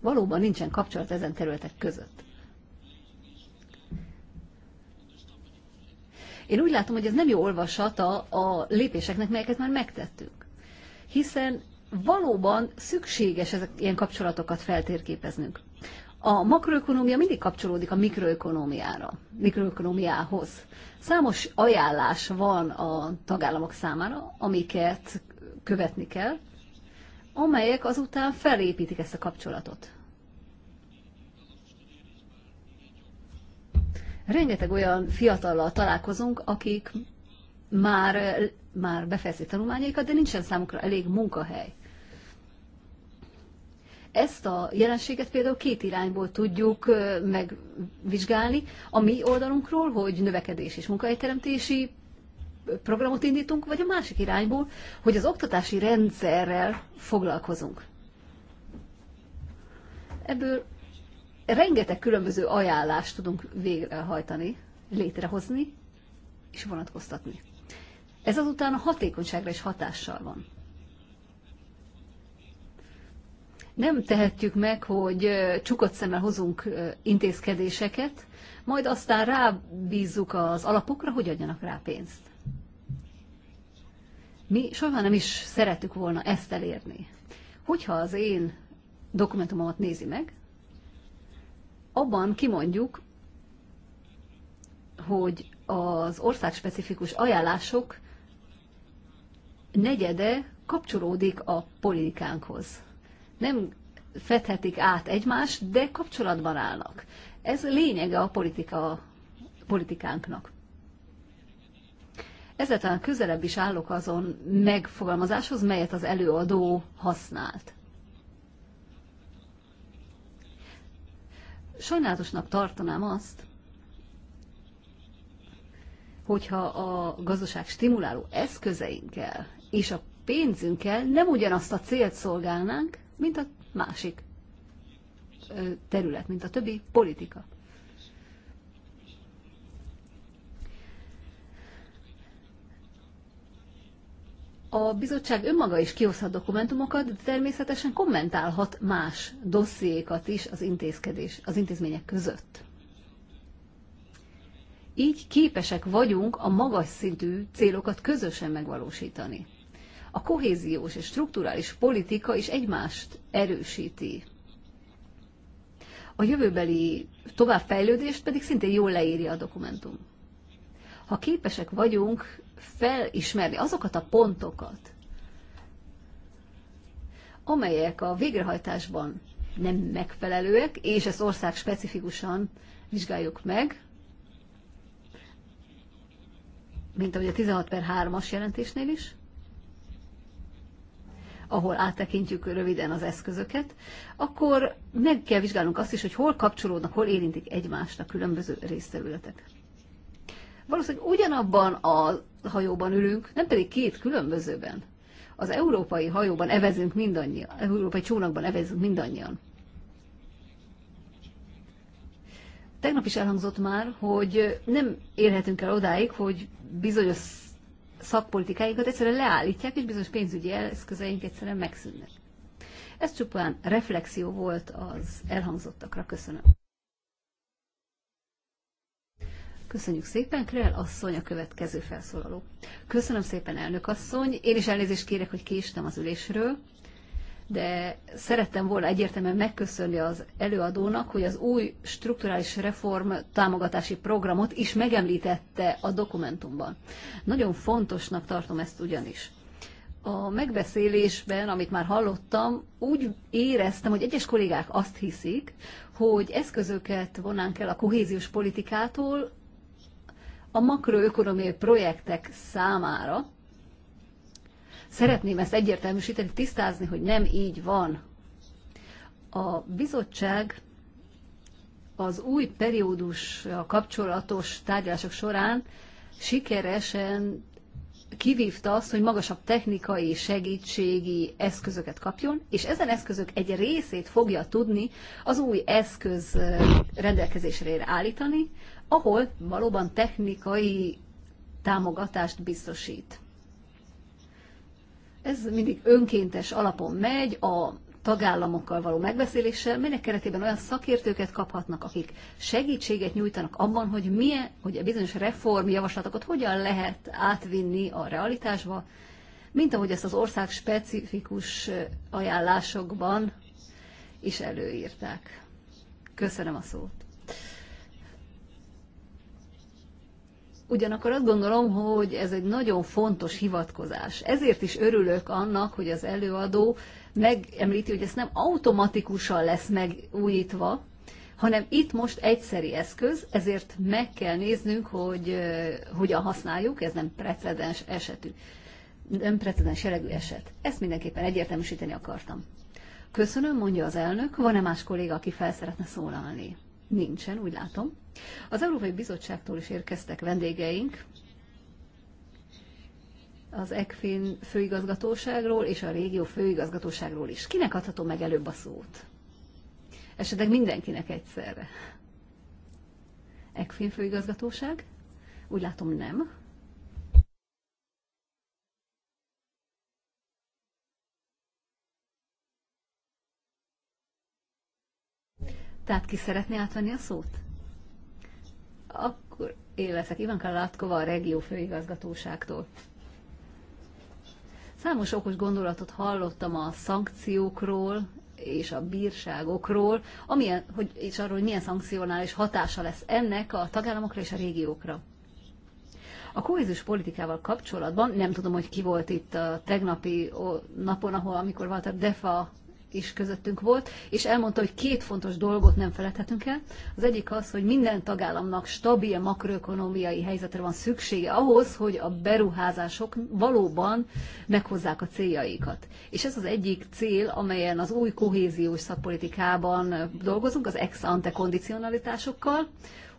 valóban nincsen kapcsolat ezen területek között. Én úgy látom, hogy ez nem jó olvasata a lépéseknek, melyeket már megtettünk. Hiszen valóban szükséges ezek, ilyen kapcsolatokat feltérképeznünk. A makroökonomia mindig kapcsolódik a mikroökonomiára, mikroökonomiához. Számos ajánlás van a tagállamok számára, amiket követni kell, amelyek azután felépítik ezt a kapcsolatot. rengeteg olyan fiatallal találkozunk, akik már, már befejezték tanulmányaikat, de nincsen számukra elég munkahely. Ezt a jelenséget például két irányból tudjuk megvizsgálni. A mi oldalunkról, hogy növekedés és munkahelyteremtési programot indítunk, vagy a másik irányból, hogy az oktatási rendszerrel foglalkozunk. Ebből rengeteg különböző ajánlást tudunk végrehajtani, létrehozni és vonatkoztatni. Ez azután a hatékonyságra is hatással van. Nem tehetjük meg, hogy csukott szemmel hozunk intézkedéseket, majd aztán rábízzuk az alapokra, hogy adjanak rá pénzt. Mi soha nem is szerettük volna ezt elérni. Hogyha az én dokumentumomat nézi meg, abban kimondjuk, hogy az országspecifikus ajánlások negyede kapcsolódik a politikánkhoz. Nem fedhetik át egymást, de kapcsolatban állnak. Ez lényege a politika, politikánknak. Ezzel talán közelebb is állok azon megfogalmazáshoz, melyet az előadó használt. Sajnálatosnak tartanám azt, hogyha a gazdaság stimuláló eszközeinkkel és a pénzünkkel nem ugyanazt a célt szolgálnánk, mint a másik terület, mint a többi politika. a bizottság önmaga is kioszthat dokumentumokat, de természetesen kommentálhat más dossziékat is az intézkedés, az intézmények között. Így képesek vagyunk a magas szintű célokat közösen megvalósítani. A kohéziós és strukturális politika is egymást erősíti. A jövőbeli továbbfejlődést pedig szintén jól leírja a dokumentum. Ha képesek vagyunk felismerni azokat a pontokat, amelyek a végrehajtásban nem megfelelőek, és ezt ország specifikusan vizsgáljuk meg, mint ahogy a 16 per 3-as jelentésnél is, ahol áttekintjük röviden az eszközöket, akkor meg kell vizsgálnunk azt is, hogy hol kapcsolódnak, hol érintik egymást a különböző részterületek. Valószínűleg ugyanabban a hajóban ülünk, nem pedig két különbözőben. Az európai hajóban evezünk mindannyian, európai csónakban evezünk mindannyian. Tegnap is elhangzott már, hogy nem érhetünk el odáig, hogy bizonyos szakpolitikáinkat egyszerűen leállítják, és bizonyos pénzügyi eszközeink egyszerűen megszűnnek. Ez csupán reflexió volt az elhangzottakra. Köszönöm. Köszönjük szépen, Krell asszony a következő felszólaló. Köszönöm szépen, elnök asszony. Én is elnézést kérek, hogy késtem az ülésről, de szerettem volna egyértelműen megköszönni az előadónak, hogy az új strukturális reform támogatási programot is megemlítette a dokumentumban. Nagyon fontosnak tartom ezt ugyanis. A megbeszélésben, amit már hallottam, úgy éreztem, hogy egyes kollégák azt hiszik, hogy eszközöket vonnánk el a kohéziós politikától, a makroökonomiai projektek számára. Szeretném ezt egyértelműsíteni, tisztázni, hogy nem így van. A bizottság az új periódus kapcsolatos tárgyalások során sikeresen kivívta azt, hogy magasabb technikai segítségi eszközöket kapjon, és ezen eszközök egy részét fogja tudni az új eszköz rendelkezésre állítani, ahol valóban technikai támogatást biztosít. Ez mindig önkéntes alapon megy, a tagállamokkal való megbeszéléssel, melynek keretében olyan szakértőket kaphatnak, akik segítséget nyújtanak abban, hogy milyen, hogy a bizonyos reformjavaslatokat hogyan lehet átvinni a realitásba, mint ahogy ezt az ország specifikus ajánlásokban is előírták. Köszönöm a szót. Ugyanakkor azt gondolom, hogy ez egy nagyon fontos hivatkozás. Ezért is örülök annak, hogy az előadó megemlíti, hogy ez nem automatikusan lesz megújítva, hanem itt most egyszeri eszköz, ezért meg kell néznünk, hogy uh, hogyan használjuk, ez nem precedens esetű, nem precedens jellegű eset. Ezt mindenképpen egyértelműsíteni akartam. Köszönöm, mondja az elnök. Van-e más kolléga, aki fel szeretne szólalni? Nincsen, úgy látom. Az Európai Bizottságtól is érkeztek vendégeink, az ECFIN főigazgatóságról és a régió főigazgatóságról is. Kinek adhatom meg előbb a szót? Esetleg mindenkinek egyszerre. ECFIN főigazgatóság? Úgy látom nem. Tehát ki szeretné átvenni a szót? akkor én leszek Ivanka Látkova a regió főigazgatóságtól. Számos okos gondolatot hallottam a szankciókról és a bírságokról, amilyen, hogy, és arról, hogy milyen szankcionális hatása lesz ennek a tagállamokra és a régiókra. A kohézus politikával kapcsolatban, nem tudom, hogy ki volt itt a tegnapi napon, ahol amikor a Defa is közöttünk volt, és elmondta, hogy két fontos dolgot nem feledhetünk el. Az egyik az, hogy minden tagállamnak stabil makroökonomiai helyzetre van szüksége ahhoz, hogy a beruházások valóban meghozzák a céljaikat. És ez az egyik cél, amelyen az új kohéziós szakpolitikában dolgozunk, az ex-ante kondicionalitásokkal,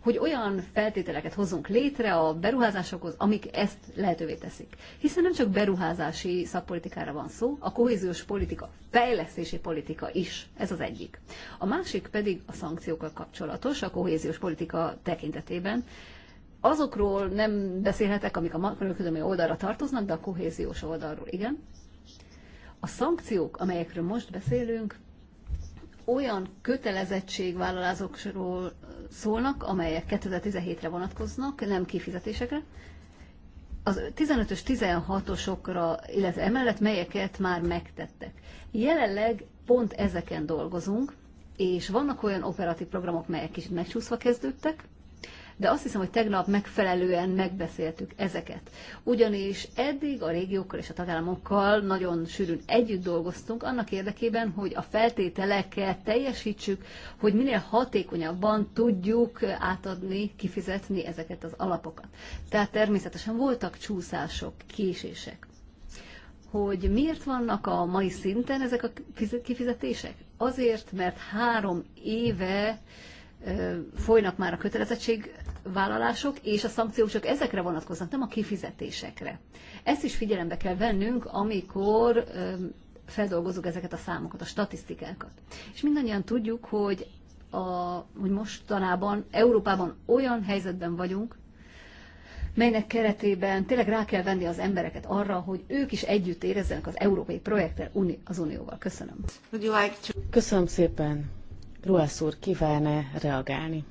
hogy olyan feltételeket hozzunk létre a beruházásokhoz, amik ezt lehetővé teszik. Hiszen nem csak beruházási szakpolitikára van szó, a kohéziós politika, fejlesztési politika is, ez az egyik. A másik pedig a szankciókkal kapcsolatos, a kohéziós politika tekintetében, azokról nem beszélhetek, amik a makroökonomiai oldalra tartoznak, de a kohéziós oldalról igen. A szankciók, amelyekről most beszélünk, olyan kötelezettségvállalásokról szólnak, amelyek 2017-re vonatkoznak, nem kifizetésekre. Az 15-ös, 16-osokra, illetve emellett melyeket már megtettek. Jelenleg pont ezeken dolgozunk, és vannak olyan operatív programok, melyek kicsit megcsúszva kezdődtek, de azt hiszem, hogy tegnap megfelelően megbeszéltük ezeket. Ugyanis eddig a régiókkal és a tagállamokkal nagyon sűrűn együtt dolgoztunk annak érdekében, hogy a feltételeket teljesítsük, hogy minél hatékonyabban tudjuk átadni, kifizetni ezeket az alapokat. Tehát természetesen voltak csúszások, késések hogy miért vannak a mai szinten ezek a kifizetések? Azért, mert három éve folynak már a kötelezettségvállalások, és a szankciók csak ezekre vonatkoznak, nem a kifizetésekre. Ezt is figyelembe kell vennünk, amikor feldolgozunk ezeket a számokat, a statisztikákat. És mindannyian tudjuk, hogy, a, hogy mostanában Európában olyan helyzetben vagyunk, melynek keretében tényleg rá kell venni az embereket arra, hogy ők is együtt érezzenek az európai projekttel az Unióval. Köszönöm. Köszönöm szépen. Ruász úr kíván-e reagálni?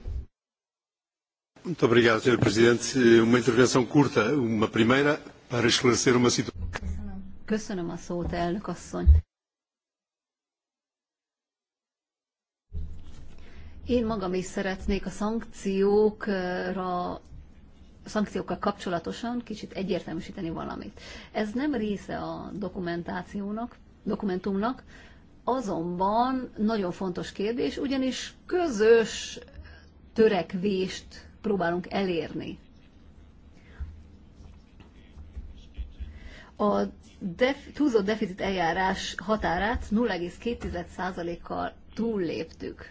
Muito obrigado, Sr. Presidente. Uma intervenção curta, uma primeira, para esclarecer uma situação. Köszönöm. Köszönöm a szót, elnök asszony. Én magam is szeretnék a szankciókra szankciókkal kapcsolatosan kicsit egyértelműsíteni valamit. Ez nem része a dokumentációnak, dokumentumnak, azonban nagyon fontos kérdés, ugyanis közös törekvést próbálunk elérni. A def- túlzott deficit eljárás határát 0,2%-kal túlléptük.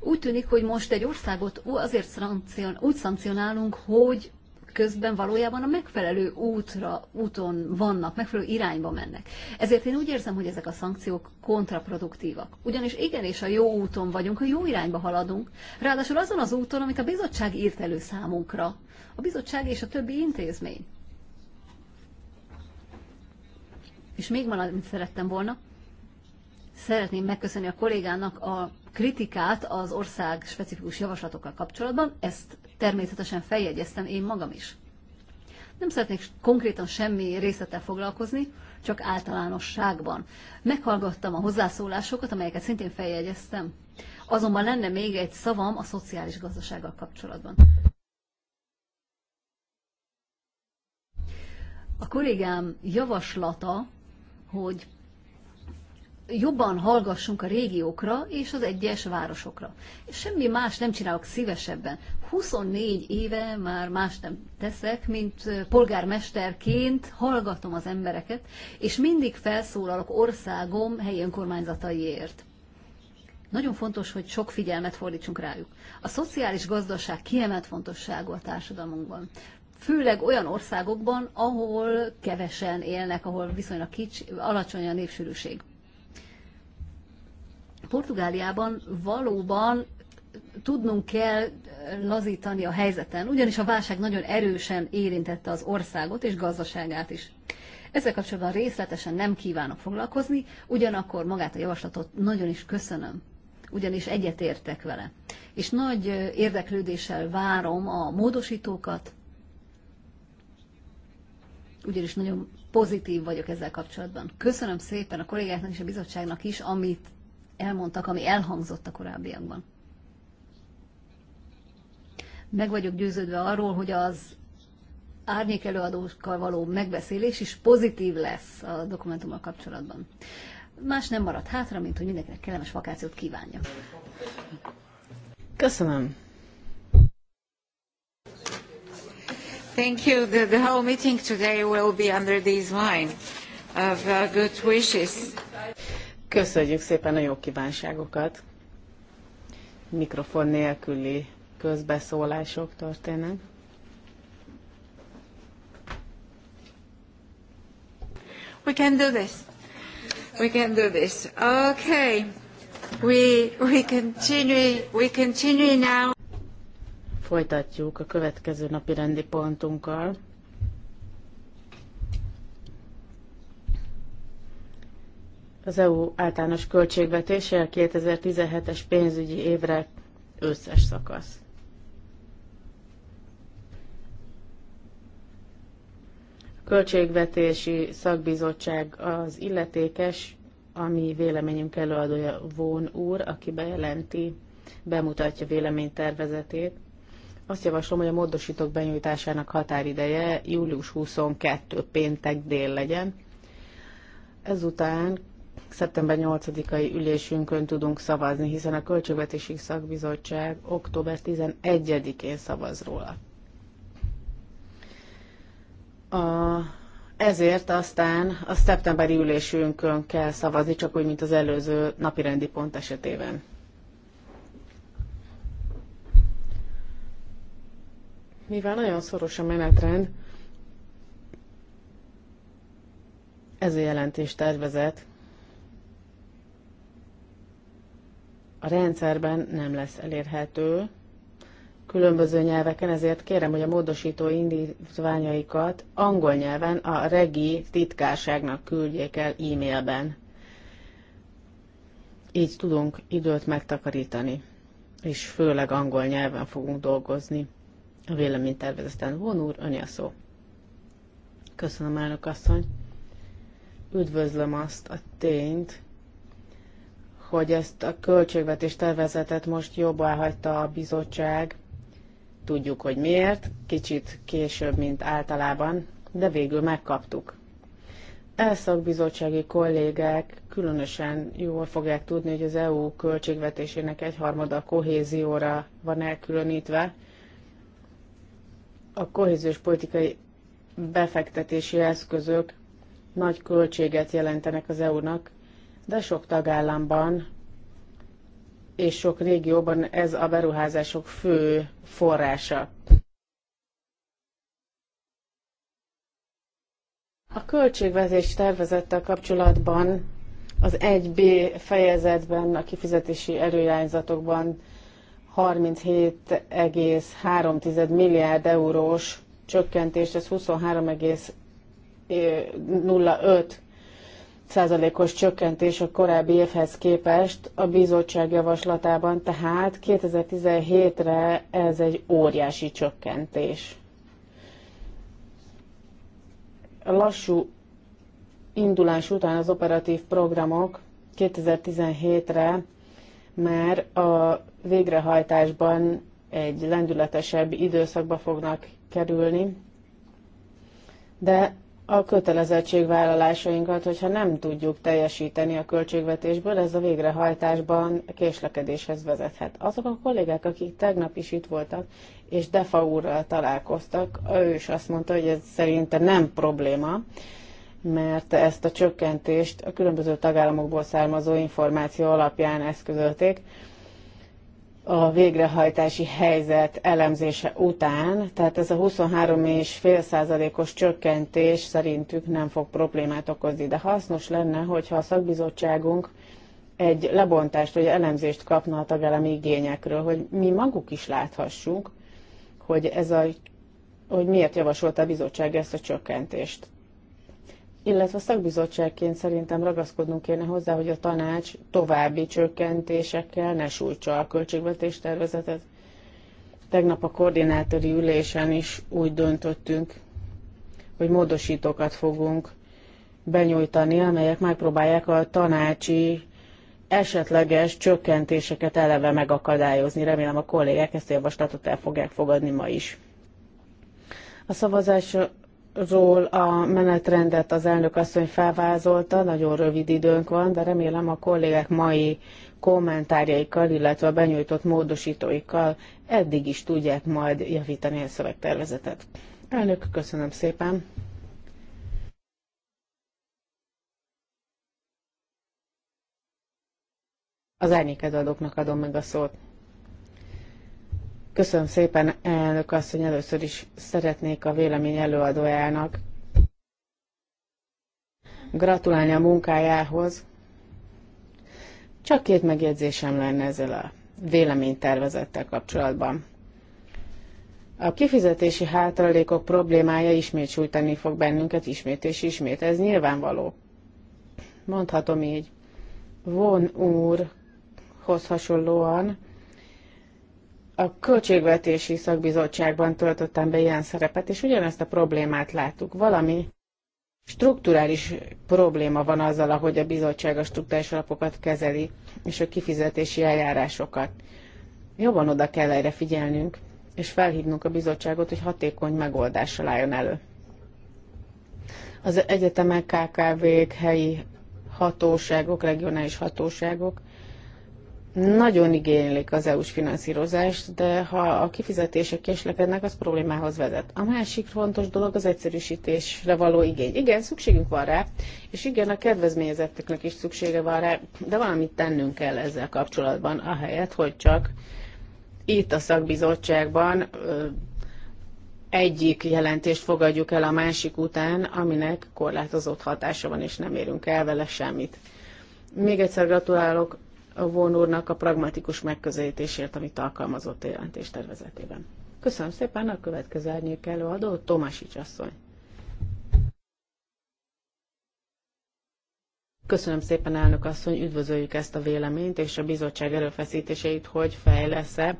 Úgy tűnik, hogy most egy országot azért szankcion, úgy szankcionálunk, hogy közben valójában a megfelelő útra, úton vannak, megfelelő irányba mennek. Ezért én úgy érzem, hogy ezek a szankciók kontraproduktívak. Ugyanis igenis a jó úton vagyunk, a jó irányba haladunk, ráadásul azon az úton, amit a bizottság írt elő számunkra. A bizottság és a többi intézmény. És még valamit szerettem volna, szeretném megköszönni a kollégának a kritikát az ország specifikus javaslatokkal kapcsolatban, ezt természetesen feljegyeztem én magam is. Nem szeretnék konkrétan semmi részlettel foglalkozni, csak általánosságban. Meghallgattam a hozzászólásokat, amelyeket szintén feljegyeztem. Azonban lenne még egy szavam a szociális gazdasággal kapcsolatban. A kollégám javaslata, hogy jobban hallgassunk a régiókra és az egyes városokra. És semmi más nem csinálok szívesebben. 24 éve már más nem teszek, mint polgármesterként hallgatom az embereket, és mindig felszólalok országom helyi önkormányzataiért. Nagyon fontos, hogy sok figyelmet fordítsunk rájuk. A szociális gazdaság kiemelt fontosságú a társadalmunkban főleg olyan országokban, ahol kevesen élnek, ahol viszonylag kicsi, alacsony a népsűrűség. Portugáliában valóban tudnunk kell lazítani a helyzeten, ugyanis a válság nagyon erősen érintette az országot és gazdaságát is. Ezzel kapcsolatban részletesen nem kívánok foglalkozni, ugyanakkor magát a javaslatot nagyon is köszönöm, ugyanis egyetértek vele. És nagy érdeklődéssel várom a módosítókat, ugyanis nagyon pozitív vagyok ezzel kapcsolatban. Köszönöm szépen a kollégáknak és a bizottságnak is, amit elmondtak, ami elhangzott a korábbiakban. Meg vagyok győződve arról, hogy az árnyék előadókkal való megbeszélés is pozitív lesz a dokumentummal kapcsolatban. Más nem maradt hátra, mint hogy mindenkinek kellemes vakációt kívánja. Köszönöm. Thank you. The, the whole meeting today will be under this line of uh, good wishes. Köszönjük szépen a jó kívánságokat. Mikrofon nélküli közbeszólások történnek. We can do this. We can do this. Okay. We, we continue, we continue now. Folytatjuk a következő napi rendi pontunkkal. az EU általános költségvetése a 2017-es pénzügyi évre összes szakasz. A költségvetési szakbizottság az illetékes, ami véleményünk előadója Vón úr, aki bejelenti, bemutatja véleménytervezetét. Azt javaslom, hogy a módosítók benyújtásának határideje július 22 péntek dél legyen. Ezután szeptember 8-ai ülésünkön tudunk szavazni, hiszen a Költségvetési Szakbizottság október 11-én szavaz róla. A, ezért aztán a szeptemberi ülésünkön kell szavazni, csak úgy, mint az előző napirendi pont esetében. Mivel nagyon szoros a menetrend, ez a jelentés tervezet a rendszerben nem lesz elérhető különböző nyelveken, ezért kérem, hogy a módosító indítványaikat angol nyelven a regi titkárságnak küldjék el e-mailben. Így tudunk időt megtakarítani, és főleg angol nyelven fogunk dolgozni. A véleménytervezeten von úr, öni a szó. Köszönöm, elnök asszony. Üdvözlöm azt a tényt, hogy ezt a költségvetés tervezetet most jobban hagyta a bizottság. Tudjuk, hogy miért, kicsit később, mint általában, de végül megkaptuk. Elszakbizottsági kollégák különösen jól fogják tudni, hogy az EU költségvetésének egyharmada kohézióra van elkülönítve. A kohéziós politikai befektetési eszközök nagy költséget jelentenek az EU-nak, de sok tagállamban és sok régióban ez a beruházások fő forrása. A költségvezés tervezettel kapcsolatban az 1B fejezetben, a kifizetési erőjányzatokban 37,3 milliárd eurós csökkentés, ez 23,05 százalékos csökkentés a korábbi évhez képest a bizottság javaslatában, tehát 2017-re ez egy óriási csökkentés. A lassú indulás után az operatív programok 2017-re már a végrehajtásban egy lendületesebb időszakba fognak kerülni, de a kötelezettségvállalásainkat, hogyha nem tudjuk teljesíteni a költségvetésből, ez a végrehajtásban késlekedéshez vezethet. Azok a kollégák, akik tegnap is itt voltak, és Defa úrral találkoztak, ő is azt mondta, hogy ez szerinte nem probléma, mert ezt a csökkentést a különböző tagállamokból származó információ alapján eszközölték, a végrehajtási helyzet elemzése után, tehát ez a 235 százalékos csökkentés szerintük nem fog problémát okozni, de hasznos lenne, hogyha a szakbizottságunk egy lebontást vagy elemzést kapna a tagállami igényekről, hogy mi maguk is láthassuk, hogy, ez a, hogy miért javasolta a bizottság ezt a csökkentést illetve szakbizottságként szerintem ragaszkodnunk kéne hozzá, hogy a tanács további csökkentésekkel ne sújtsa a költségvetés tervezetet. Tegnap a koordinátori ülésen is úgy döntöttünk, hogy módosítókat fogunk benyújtani, amelyek megpróbálják a tanácsi esetleges csökkentéseket eleve megakadályozni. Remélem a kollégák ezt a javaslatot el fogják fogadni ma is. A szavazás ról a menetrendet az elnök asszony felvázolta, nagyon rövid időnk van, de remélem a kollégák mai kommentárjaikkal, illetve a benyújtott módosítóikkal eddig is tudják majd javítani a szövegtervezetet. Elnök, köszönöm szépen! Az árnyékedadóknak adom meg a szót. Köszönöm szépen, elnök asszony, először is szeretnék a vélemény előadójának gratulálni a munkájához. Csak két megjegyzésem lenne ezzel a véleménytervezettel kapcsolatban. A kifizetési hátralékok problémája ismét sújtani fog bennünket, ismét és ismét. Ez nyilvánvaló. Mondhatom így. Von úrhoz hasonlóan a Költségvetési Szakbizottságban töltöttem be ilyen szerepet, és ugyanezt a problémát láttuk. Valami strukturális probléma van azzal, ahogy a bizottság a struktúrális alapokat kezeli, és a kifizetési eljárásokat. Jobban oda kell erre figyelnünk, és felhívnunk a bizottságot, hogy hatékony megoldással álljon elő. Az egyetemek, KKV-k, helyi hatóságok, regionális hatóságok nagyon igénylik az EU-s finanszírozást, de ha a kifizetések késlekednek, az problémához vezet. A másik fontos dolog az egyszerűsítésre való igény. Igen, szükségünk van rá, és igen, a kedvezményezetteknek is szüksége van rá, de valamit tennünk kell ezzel kapcsolatban, ahelyett, hogy csak itt a szakbizottságban egyik jelentést fogadjuk el a másik után, aminek korlátozott hatása van, és nem érünk el vele semmit. Még egyszer gratulálok a von úrnak a pragmatikus megközelítésért, amit alkalmazott a jelentés tervezetében. Köszönöm szépen a következő árnyék előadó, Tomasics asszony. Köszönöm szépen, elnök asszony, üdvözöljük ezt a véleményt és a bizottság erőfeszítéseit, hogy fejlesz -e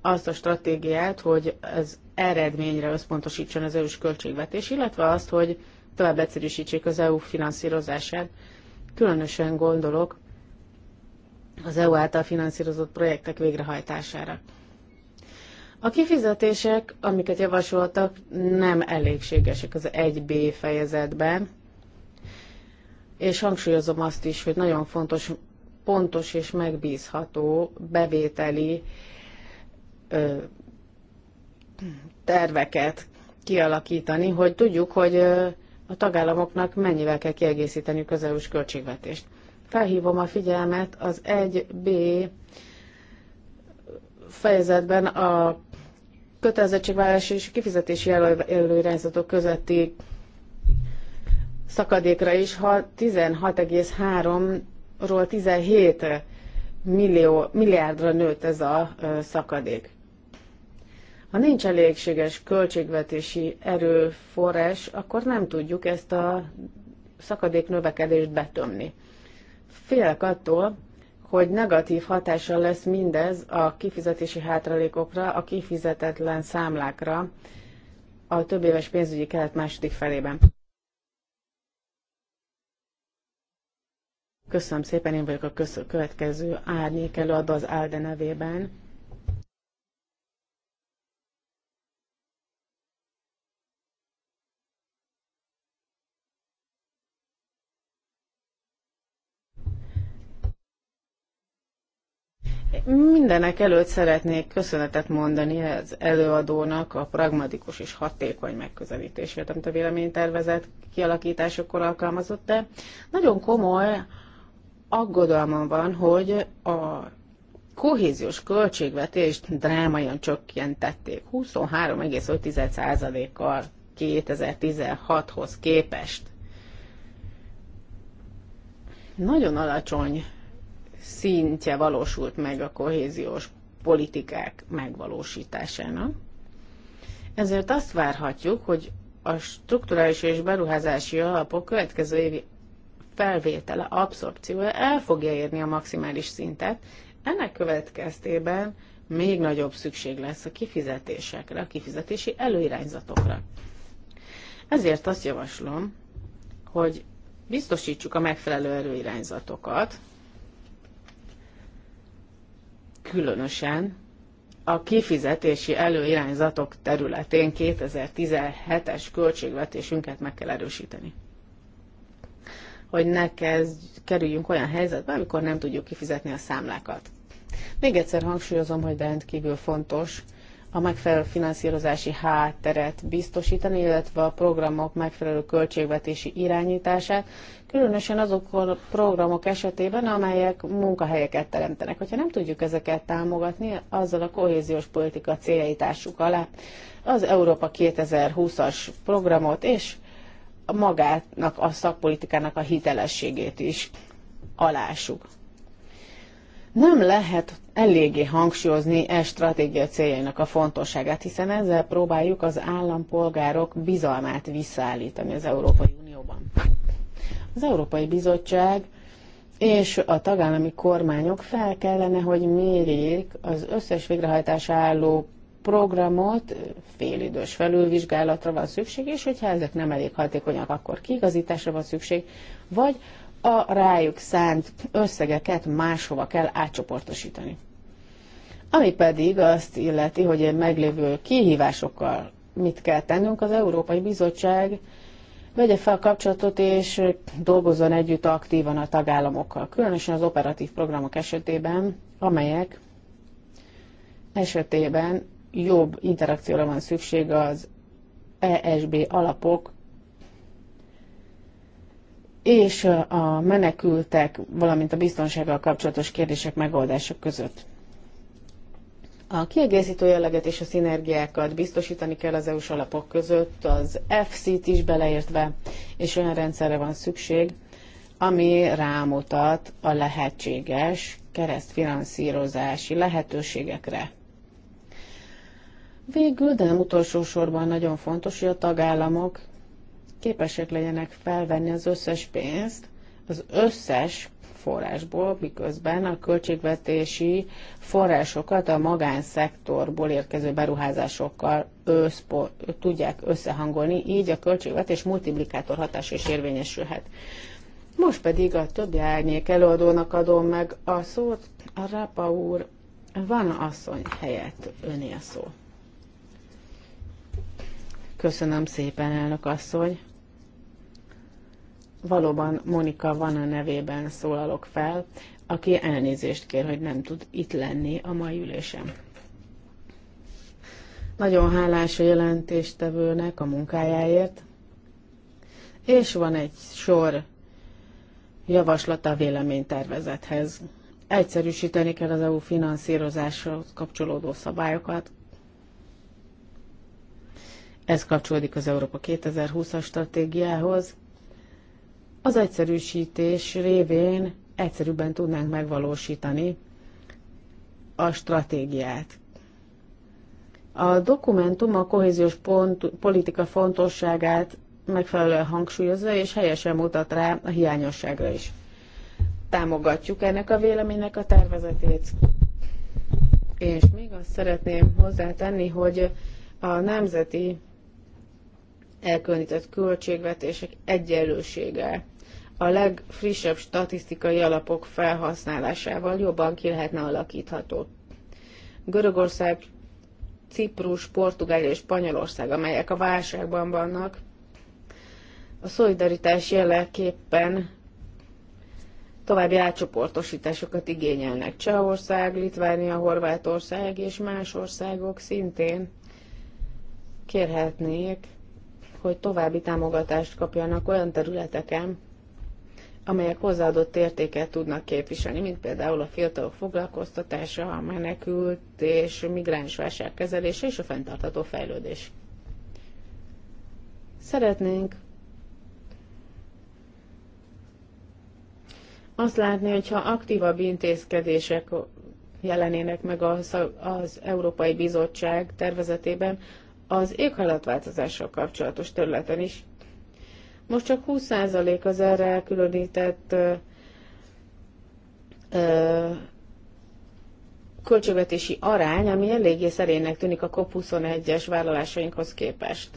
azt a stratégiát, hogy az eredményre összpontosítson az EU-s költségvetés, illetve azt, hogy tovább egyszerűsítsék az EU finanszírozását. Különösen gondolok az EU által finanszírozott projektek végrehajtására. A kifizetések, amiket javasoltak, nem elégségesek az 1B fejezetben, és hangsúlyozom azt is, hogy nagyon fontos, pontos és megbízható bevételi ö, terveket kialakítani, hogy tudjuk, hogy a tagállamoknak mennyivel kell kiegészíteni az EU-s költségvetést felhívom a figyelmet az 1B fejezetben a kötelezettségvállalási és kifizetési előirányzatok közötti szakadékra is, ha 16,3-ról 17 millió, milliárdra nőtt ez a szakadék. Ha nincs elégséges költségvetési erőforrás, akkor nem tudjuk ezt a szakadék növekedést betömni. Félek attól, hogy negatív hatással lesz mindez a kifizetési hátralékokra, a kifizetetlen számlákra a több éves pénzügyi keret második felében. Köszönöm szépen, én vagyok a következő árnyékelő előadó az Álde nevében. Mindenek előtt szeretnék köszönetet mondani az előadónak a pragmatikus és hatékony megközelítésért, amit a véleménytervezet kialakításakor alkalmazott, de nagyon komoly aggodalmam van, hogy a kohéziós költségvetést drámaian csökkentették 23,5%-kal 2016-hoz képest. Nagyon alacsony szintje valósult meg a kohéziós politikák megvalósításának. Ezért azt várhatjuk, hogy a strukturális és beruházási alapok következő évi felvétele, abszorpciója el fogja érni a maximális szintet. Ennek következtében még nagyobb szükség lesz a kifizetésekre, a kifizetési előirányzatokra. Ezért azt javaslom, hogy biztosítsuk a megfelelő előirányzatokat, különösen a kifizetési előirányzatok területén 2017-es költségvetésünket meg kell erősíteni. Hogy ne kezd, kerüljünk olyan helyzetbe, amikor nem tudjuk kifizetni a számlákat. Még egyszer hangsúlyozom, hogy rendkívül fontos, a megfelelő finanszírozási hátteret biztosítani, illetve a programok megfelelő költségvetési irányítását, különösen azokon a programok esetében, amelyek munkahelyeket teremtenek. Hogyha nem tudjuk ezeket támogatni, azzal a kohéziós politika céljait ássuk alá, az Európa 2020-as programot és magának a szakpolitikának a hitelességét is alássuk. Nem lehet eléggé hangsúlyozni e stratégia céljainak a fontosságát, hiszen ezzel próbáljuk az állampolgárok bizalmát visszaállítani az Európai Unióban. Az Európai Bizottság és a tagállami kormányok fel kellene, hogy mérjék az összes végrehajtás álló programot, félidős felülvizsgálatra van szükség, és hogyha ezek nem elég hatékonyak, akkor kiigazításra van szükség, vagy a rájuk szánt összegeket máshova kell átcsoportosítani. Ami pedig azt illeti, hogy a meglévő kihívásokkal mit kell tennünk, az Európai Bizottság vegye fel a kapcsolatot és dolgozzon együtt aktívan a tagállamokkal, különösen az operatív programok esetében, amelyek esetében jobb interakcióra van szükség az ESB alapok és a menekültek, valamint a biztonsággal kapcsolatos kérdések megoldások között. A kiegészítő jelleget és a szinergiákat biztosítani kell az EU-s alapok között, az FC-t is beleértve, és olyan rendszerre van szükség, ami rámutat a lehetséges keresztfinanszírozási lehetőségekre. Végül, de nem utolsó sorban nagyon fontos, hogy a tagállamok képesek legyenek felvenni az összes pénzt, az összes forrásból, miközben a költségvetési forrásokat a magánszektorból érkező beruházásokkal összpo, tudják összehangolni, így a költségvetés multiplikátor hatás is érvényesülhet. Most pedig a többi árnyék előadónak adom meg a szót, a Rapa úr van asszony helyett öné a szó. Köszönöm szépen, elnök asszony valóban Monika van a nevében szólalok fel, aki elnézést kér, hogy nem tud itt lenni a mai ülésem. Nagyon hálás a jelentéstevőnek a munkájáért, és van egy sor javaslata a véleménytervezethez. Egyszerűsíteni kell az EU finanszírozáshoz kapcsolódó szabályokat. Ez kapcsolódik az Európa 2020-as stratégiához, az egyszerűsítés révén egyszerűbben tudnánk megvalósítani a stratégiát. A dokumentum a kohéziós pont, politika fontosságát megfelelően hangsúlyozza, és helyesen mutat rá a hiányosságra is. Támogatjuk ennek a véleménynek a tervezetét. És még azt szeretném hozzátenni, hogy a nemzeti elkülönített költségvetések egyenlősége a legfrissebb statisztikai alapok felhasználásával jobban ki lehetne alakítható. Görögország, Ciprus, Portugália és Spanyolország, amelyek a válságban vannak, a szolidaritás jelleképpen további átcsoportosításokat igényelnek. Csehország, Litvánia, Horvátország és más országok szintén kérhetnék, hogy további támogatást kapjanak olyan területeken, amelyek hozzáadott értéket tudnak képviselni, mint például a fiatalok foglalkoztatása, a menekült és migráns válság kezelése és a fenntartató fejlődés. Szeretnénk azt látni, hogyha aktívabb intézkedések jelenének meg az, az Európai Bizottság tervezetében az éghajlatváltozással kapcsolatos területen is, most csak 20% az erre elkülönített költségvetési arány, ami eléggé szerénynek tűnik a COP21-es vállalásainkhoz képest.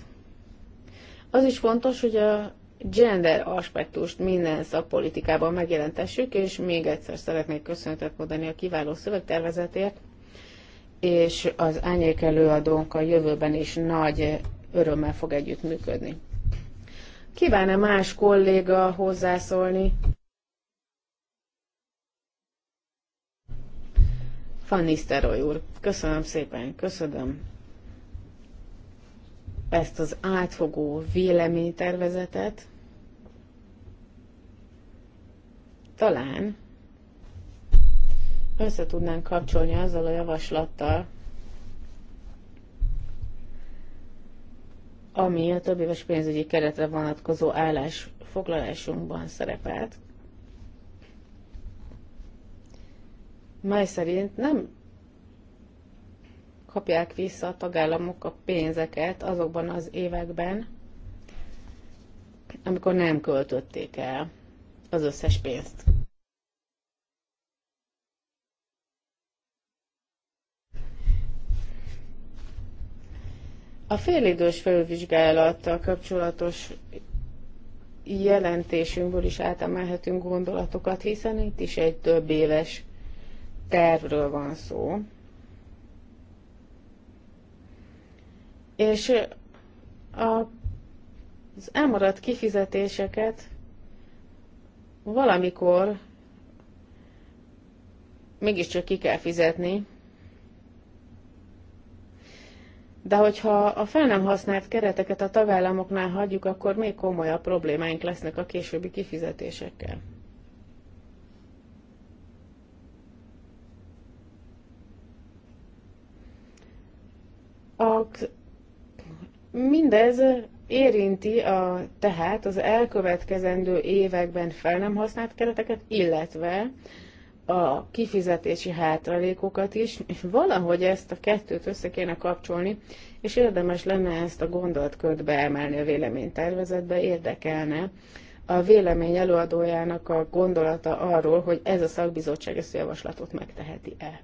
Az is fontos, hogy a gender aspektust minden szakpolitikában megjelentessük, és még egyszer szeretnék köszönetet mondani a kiváló szövegtervezetért, és az ányék előadónk a jövőben is nagy örömmel fog együttműködni. Kíván-e más kolléga hozzászólni? Fanny Szteroly úr, köszönöm szépen, köszönöm ezt az átfogó véleménytervezetet. Talán össze tudnánk kapcsolni azzal a javaslattal, ami a éves pénzügyi keretre vonatkozó állásfoglalásunkban szerepelt, mely szerint nem kapják vissza a tagállamok a pénzeket azokban az években, amikor nem költötték el az összes pénzt. A félidős felvizsgálattal kapcsolatos jelentésünkből is átemelhetünk gondolatokat, hiszen itt is egy több éves tervről van szó. És a, az elmaradt kifizetéseket valamikor mégiscsak ki kell fizetni, De hogyha a fel nem használt kereteket a tagállamoknál hagyjuk, akkor még komolyabb problémáink lesznek a későbbi kifizetésekkel. A, mindez érinti a, tehát az elkövetkezendő években fel nem használt kereteket, illetve a kifizetési hátralékokat is, és valahogy ezt a kettőt össze kéne kapcsolni, és érdemes lenne ezt a gondolatkört beemelni a véleménytervezetbe, érdekelne a vélemény előadójának a gondolata arról, hogy ez a szakbizottság ezt a javaslatot megteheti-e.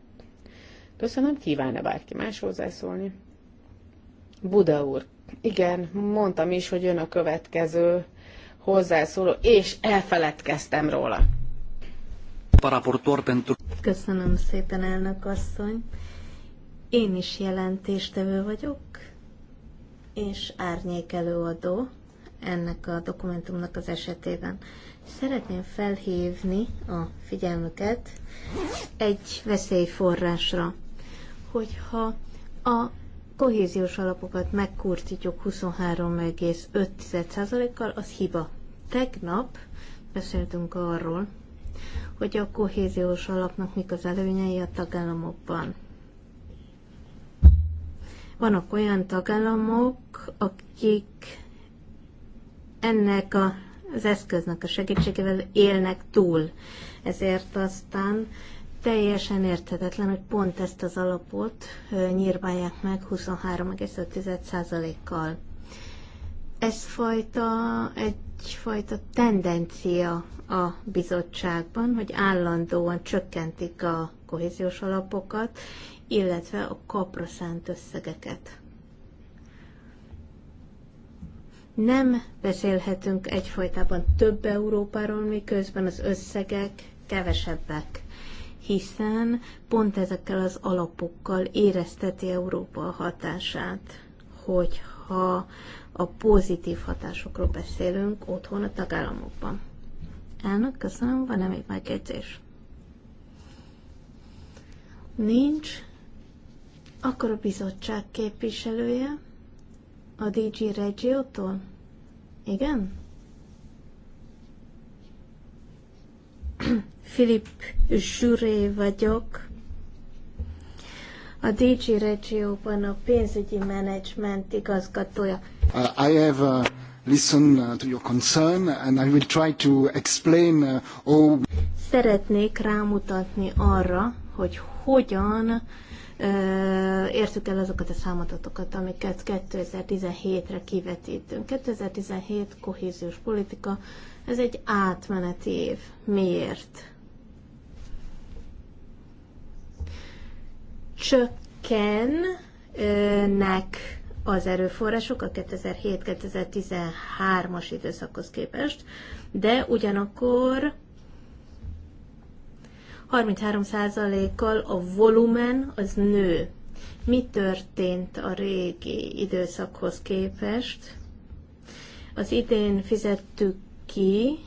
Köszönöm, kívánna bárki más hozzászólni? Buda úr, igen, mondtam is, hogy jön a következő hozzászóló, és elfeledkeztem róla raportor pentru... Köszönöm szépen, elnök asszony. Én is jelentéstevő vagyok, és árnyékelőadó ennek a dokumentumnak az esetében. Szeretném felhívni a figyelmüket egy veszélyforrásra, hogyha a kohéziós alapokat megkurtítjuk 23,5%-kal, az hiba. Tegnap beszéltünk arról, hogy a kohéziós alapnak mik az előnyei a tagállamokban. Vannak olyan tagállamok, akik ennek a, az eszköznek a segítségével élnek túl. Ezért aztán teljesen érthetetlen, hogy pont ezt az alapot nyírválják meg 23,5%-kal. Ez fajta, egyfajta tendencia a bizottságban, hogy állandóan csökkentik a kohéziós alapokat, illetve a kapra szánt összegeket. Nem beszélhetünk egyfajtában több Európáról, miközben az összegek kevesebbek, hiszen pont ezekkel az alapokkal érezteti Európa a hatását, hogyha a pozitív hatásokról beszélünk otthon a tagállamokban. Elnök, köszönöm. Van-e még megjegyzés? Nincs. Akkor a bizottság képviselője a DG Regiótól? Igen? Filip Zsuré vagyok. A DG Regióban a pénzügyi menedzsment igazgatója. Uh, I have a uh, listen uh, to your concern, and I will try to explain uh, all... Szeretnék rámutatni arra, hogy hogyan uh, értük el azokat a számadatokat, amiket 2017-re kivetítünk. 2017 kohéziós politika, ez egy átmeneti év. Miért? Csökkennek az erőforrások a 2007-2013-as időszakhoz képest, de ugyanakkor 33%-kal a volumen az nő. Mi történt a régi időszakhoz képest? Az idén fizettük ki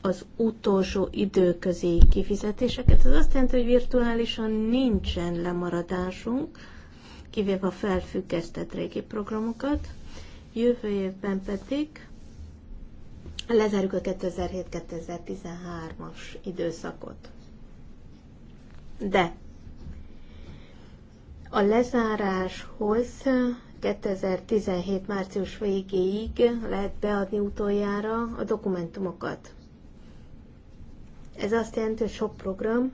az utolsó időközi kifizetéseket. Ez azt jelenti, hogy virtuálisan nincsen lemaradásunk, kivéve a felfüggesztett régi programokat, jövő évben pedig lezárjuk a 2007-2013-as időszakot. De a lezáráshoz 2017. március végéig lehet beadni utoljára a dokumentumokat. Ez azt jelenti, hogy sok program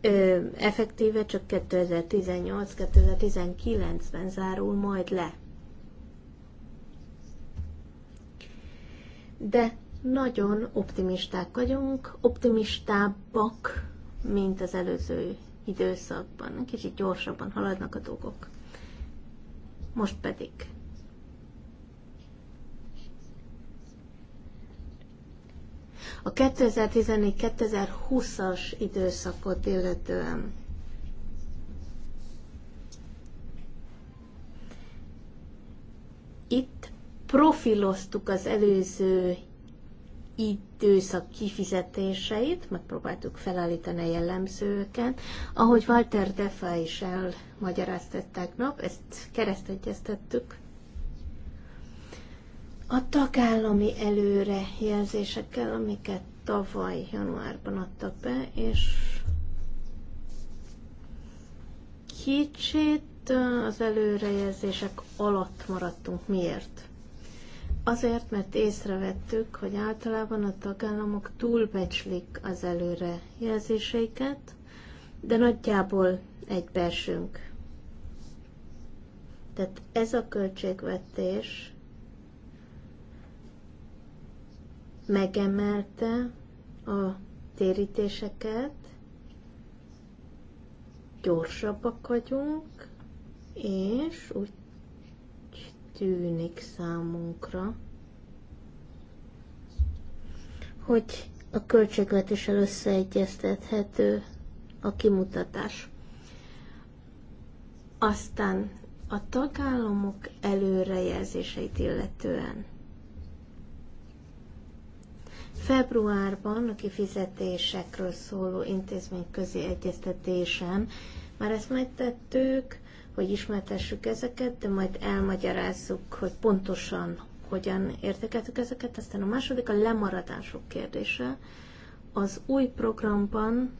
ö, effektíve csak 2018-2019-ben zárul majd le. De nagyon optimisták vagyunk, optimistábbak, mint az előző időszakban. Kicsit gyorsabban haladnak a dolgok. Most pedig A 2014-2020-as időszakot illetően itt profiloztuk az előző időszak kifizetéseit, megpróbáltuk felállítani a jellemzőket. Ahogy Walter Defa is elmagyarázta tegnap, ezt keresztegyeztettük a tagállami előrejelzésekkel, amiket tavaly januárban adtak be, és kicsit az előrejelzések alatt maradtunk. Miért? Azért, mert észrevettük, hogy általában a tagállamok túlbecslik az előrejelzéseiket, de nagyjából egybeesünk. Tehát ez a költségvetés megemelte a térítéseket, gyorsabbak vagyunk, és úgy tűnik számunkra, hogy a költségvetéssel összeegyeztethető a kimutatás. Aztán a tagállamok előrejelzéseit illetően Februárban a kifizetésekről szóló intézményközi egyeztetésen már ezt megtettük, hogy ismertessük ezeket, de majd elmagyarázzuk, hogy pontosan hogyan értekeltük ezeket. Aztán a második a lemaradások kérdése. Az új programban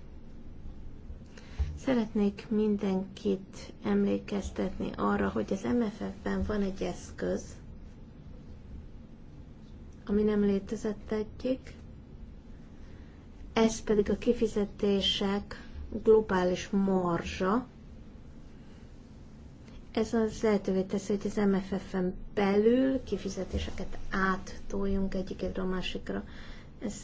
szeretnék mindenkit emlékeztetni arra, hogy az MFF-ben van egy eszköz, ami nem létezett egyik, ez pedig a kifizetések globális marzsa. Ez az lehetővé teszi, hogy az MFF-en belül kifizetéseket áttoljunk egyik évre a másikra. Ez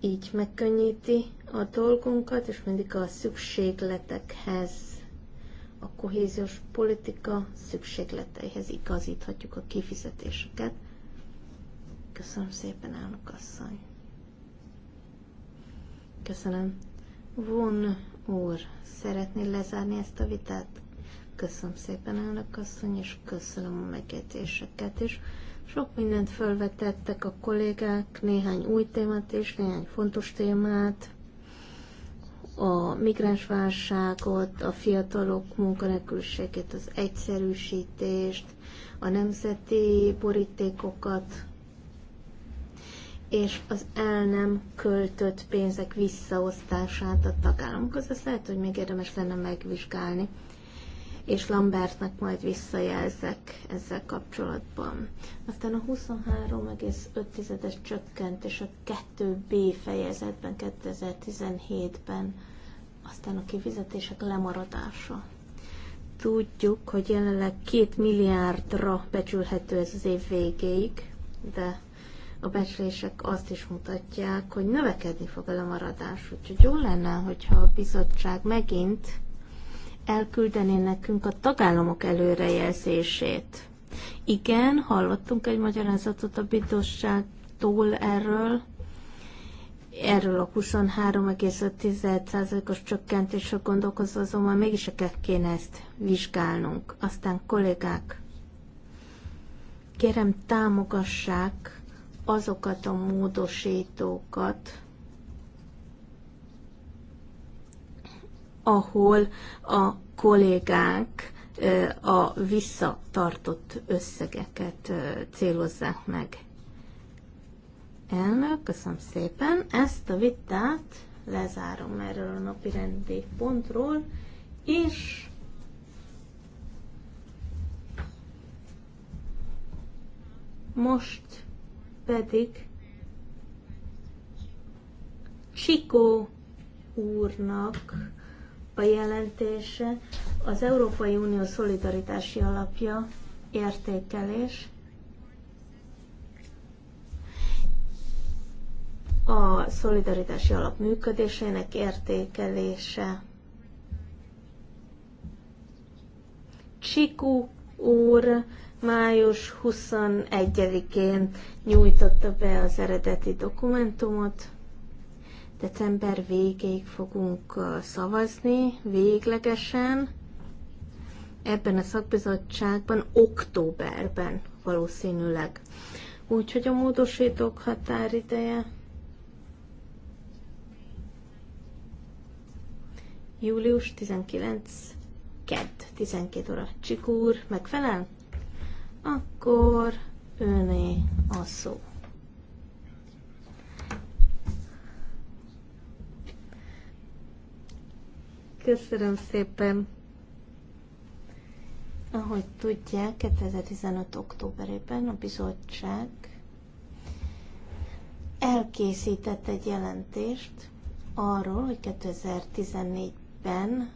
így megkönnyíti a dolgunkat, és mindig a szükségletekhez a kohéziós politika szükségleteihez igazíthatjuk a kifizetéseket. Köszönöm szépen, elnök asszony. Köszönöm. Von úr, szeretné lezárni ezt a vitát? Köszönöm szépen, elnök asszony, és köszönöm a megjegyzéseket is. Sok mindent felvetettek a kollégák, néhány új témát és néhány fontos témát a migránsválságot, a fiatalok munkanélküliségét, az egyszerűsítést, a nemzeti borítékokat, és az el nem költött pénzek visszaosztását a tagállamok. között. lehet, hogy még érdemes lenne megvizsgálni, és Lambertnek majd visszajelzek ezzel kapcsolatban. Aztán a 23,5-es csökkentés a 2B fejezetben 2017-ben aztán a kifizetések lemaradása. Tudjuk, hogy jelenleg két milliárdra becsülhető ez az év végéig, de a becslések azt is mutatják, hogy növekedni fog a lemaradás. Úgyhogy jó lenne, hogyha a bizottság megint elküldené nekünk a tagállamok előrejelzését. Igen, hallottunk egy magyarázatot a bizottságtól erről, erről a 23,5%-os csökkentésről gondolkozva azonban mégis kéne ezt vizsgálnunk. Aztán kollégák, kérem támogassák azokat a módosítókat, ahol a kollégák a visszatartott összegeket célozzák meg. Elnök, köszönöm szépen. Ezt a vitát lezárom erről a napi rendi pontról, és most pedig Csikó úrnak a jelentése az Európai Unió Szolidaritási Alapja értékelés a szolidaritási alap működésének értékelése. Csikú úr május 21-én nyújtotta be az eredeti dokumentumot. December végéig fogunk szavazni véglegesen. Ebben a szakbizottságban, októberben valószínűleg. Úgyhogy a módosítók határideje Július 19. kett, 12 óra. Csikúr, megfelel? Akkor őné a szó. Köszönöm szépen. Ahogy tudják, 2015. októberében a bizottság elkészített egy jelentést arról, hogy 2014 évben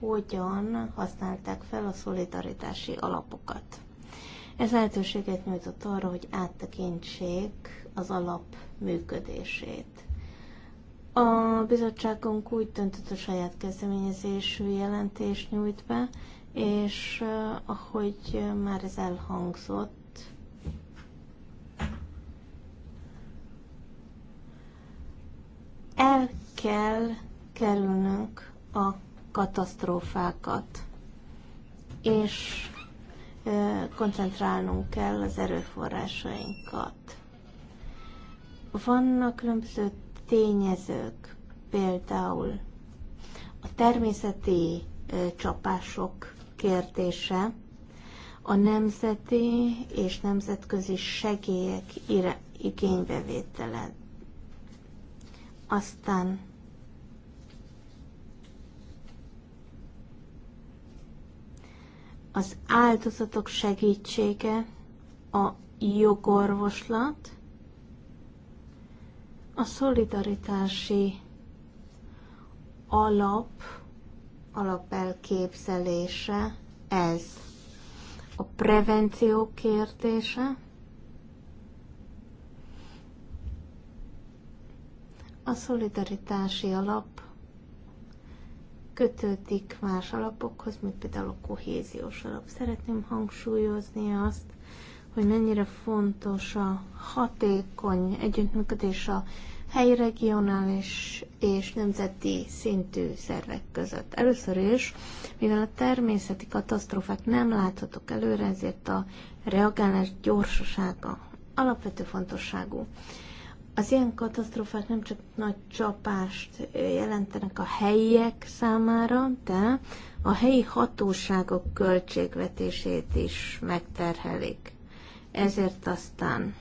hogyan használták fel a szolidaritási alapokat. Ez lehetőséget nyújtott arra, hogy áttekintsék az alap működését. A bizottságunk úgy döntött a saját kezdeményezésű jelentést nyújt be, és eh, ahogy már ez elhangzott, el kell kerülnünk a katasztrófákat, és koncentrálnunk kell az erőforrásainkat. Vannak különböző tényezők, például a természeti csapások kérdése, a nemzeti és nemzetközi segélyek igénybevétele. Aztán az áldozatok segítsége, a jogorvoslat, a szolidaritási alap, alapelképzelése ez. A prevenció kérdése, a szolidaritási alap kötődik más alapokhoz, mint például a kohéziós alap. Szeretném hangsúlyozni azt, hogy mennyire fontos a hatékony együttműködés a helyi, regionális és nemzeti szintű szervek között. Először is, mivel a természeti katasztrófák nem láthatók előre, ezért a reagálás gyorsasága alapvető fontosságú. Az ilyen katasztrófák nem csak nagy csapást jelentenek a helyiek számára, de a helyi hatóságok költségvetését is megterhelik. Ezért aztán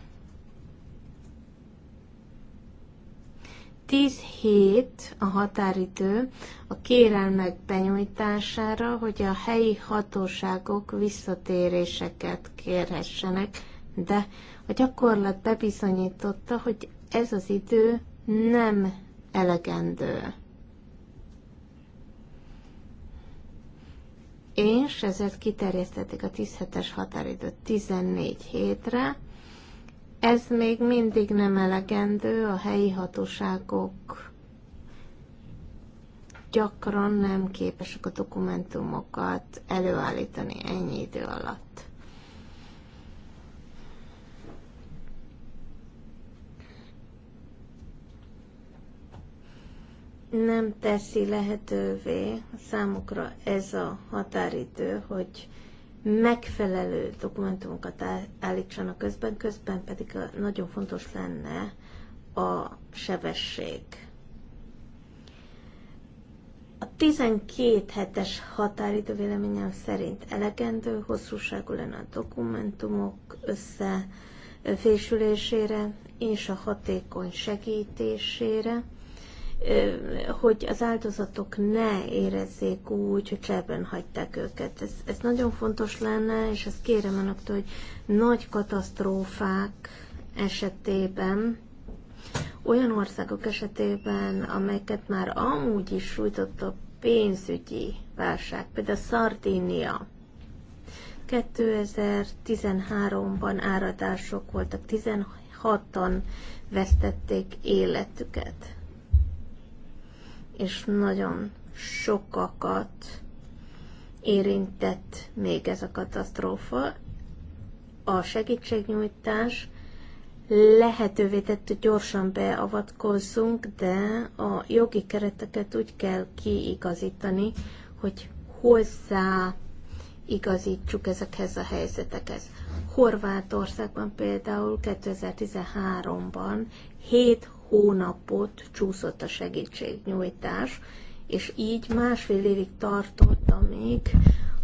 10 hét a határidő a kérelmek benyújtására, hogy a helyi hatóságok visszatéréseket kérhessenek, de a gyakorlat bebizonyította, hogy ez az idő nem elegendő. És ezért kiterjesztették a 10 hetes határidőt 14 hétre. Ez még mindig nem elegendő, a helyi hatóságok gyakran nem képesek a dokumentumokat előállítani ennyi idő alatt. nem teszi lehetővé számukra ez a határidő, hogy megfelelő dokumentumokat állítsanak közben, közben pedig nagyon fontos lenne a sebesség. A 12 hetes határidő véleményem szerint elegendő hosszúságú lenne a dokumentumok összefésülésére és a hatékony segítésére hogy az áldozatok ne érezzék úgy, hogy cserben hagyták őket. Ez, ez nagyon fontos lenne, és ezt kérem önöktől, hogy nagy katasztrófák esetében, olyan országok esetében, amelyeket már amúgy is sújtott a pénzügyi válság, például Szardínia, 2013-ban áradások voltak, 16-an vesztették életüket és nagyon sokakat érintett még ez a katasztrófa. A segítségnyújtás lehetővé tett, hogy gyorsan beavatkozzunk, de a jogi kereteket úgy kell kiigazítani, hogy hozzá igazítsuk ezekhez a helyzetekhez. Horvátországban például 2013-ban 7 hónapot csúszott a segítségnyújtás, és így másfél évig tartott, amíg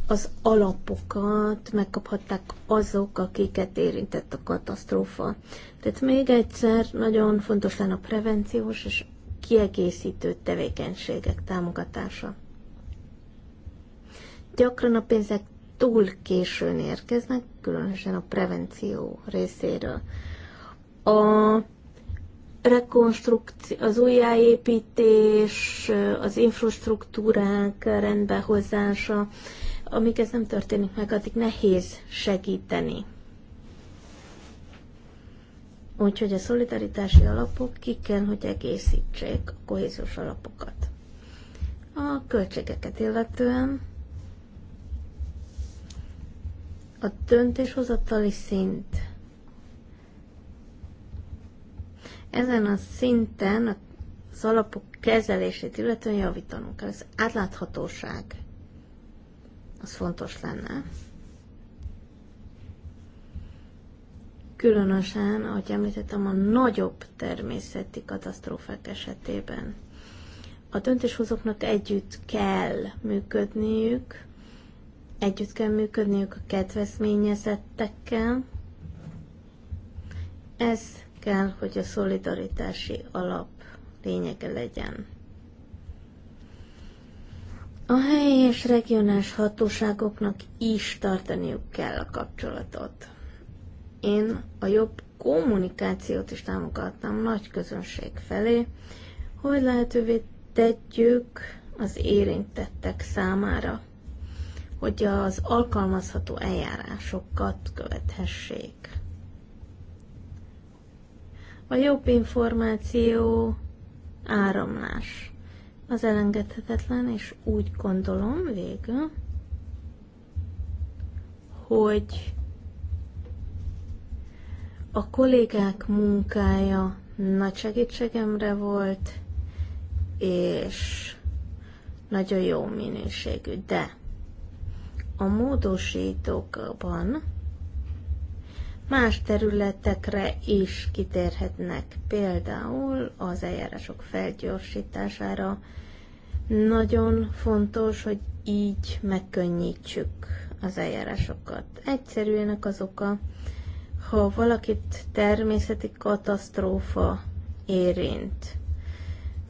az alapokat megkaphatták azok, akiket érintett a katasztrófa. Tehát még egyszer nagyon fontos lenne a prevenciós és kiegészítő tevékenységek támogatása. Gyakran a pénzek túl későn érkeznek, különösen a prevenció részéről. A rekonstrukció, az újjáépítés, az infrastruktúrák rendbehozása, amíg ez nem történik meg, addig nehéz segíteni. Úgyhogy a szolidaritási alapok ki kell, hogy egészítsék a kohéziós alapokat. A költségeket illetően a döntéshozatali szint Ezen a szinten az alapok kezelését illetően javítanunk kell. Az átláthatóság az fontos lenne. Különösen, ahogy említettem, a nagyobb természeti katasztrófák esetében. A döntéshozóknak együtt kell működniük, együtt kell működniük a kedvezményezettekkel. Ez kell, hogy a szolidaritási alap lényege legyen. A helyi és regionális hatóságoknak is tartaniuk kell a kapcsolatot. Én a jobb kommunikációt is támogattam nagy közönség felé, hogy lehetővé tegyük az érintettek számára, hogy az alkalmazható eljárásokat követhessék. A jobb információ áramlás. Az elengedhetetlen, és úgy gondolom végül, hogy a kollégák munkája nagy segítségemre volt, és nagyon jó minőségű, de a módosítókban más területekre is kitérhetnek, például az eljárások felgyorsítására. Nagyon fontos, hogy így megkönnyítsük az eljárásokat. Egyszerűenek az oka, ha valakit természeti katasztrófa érint,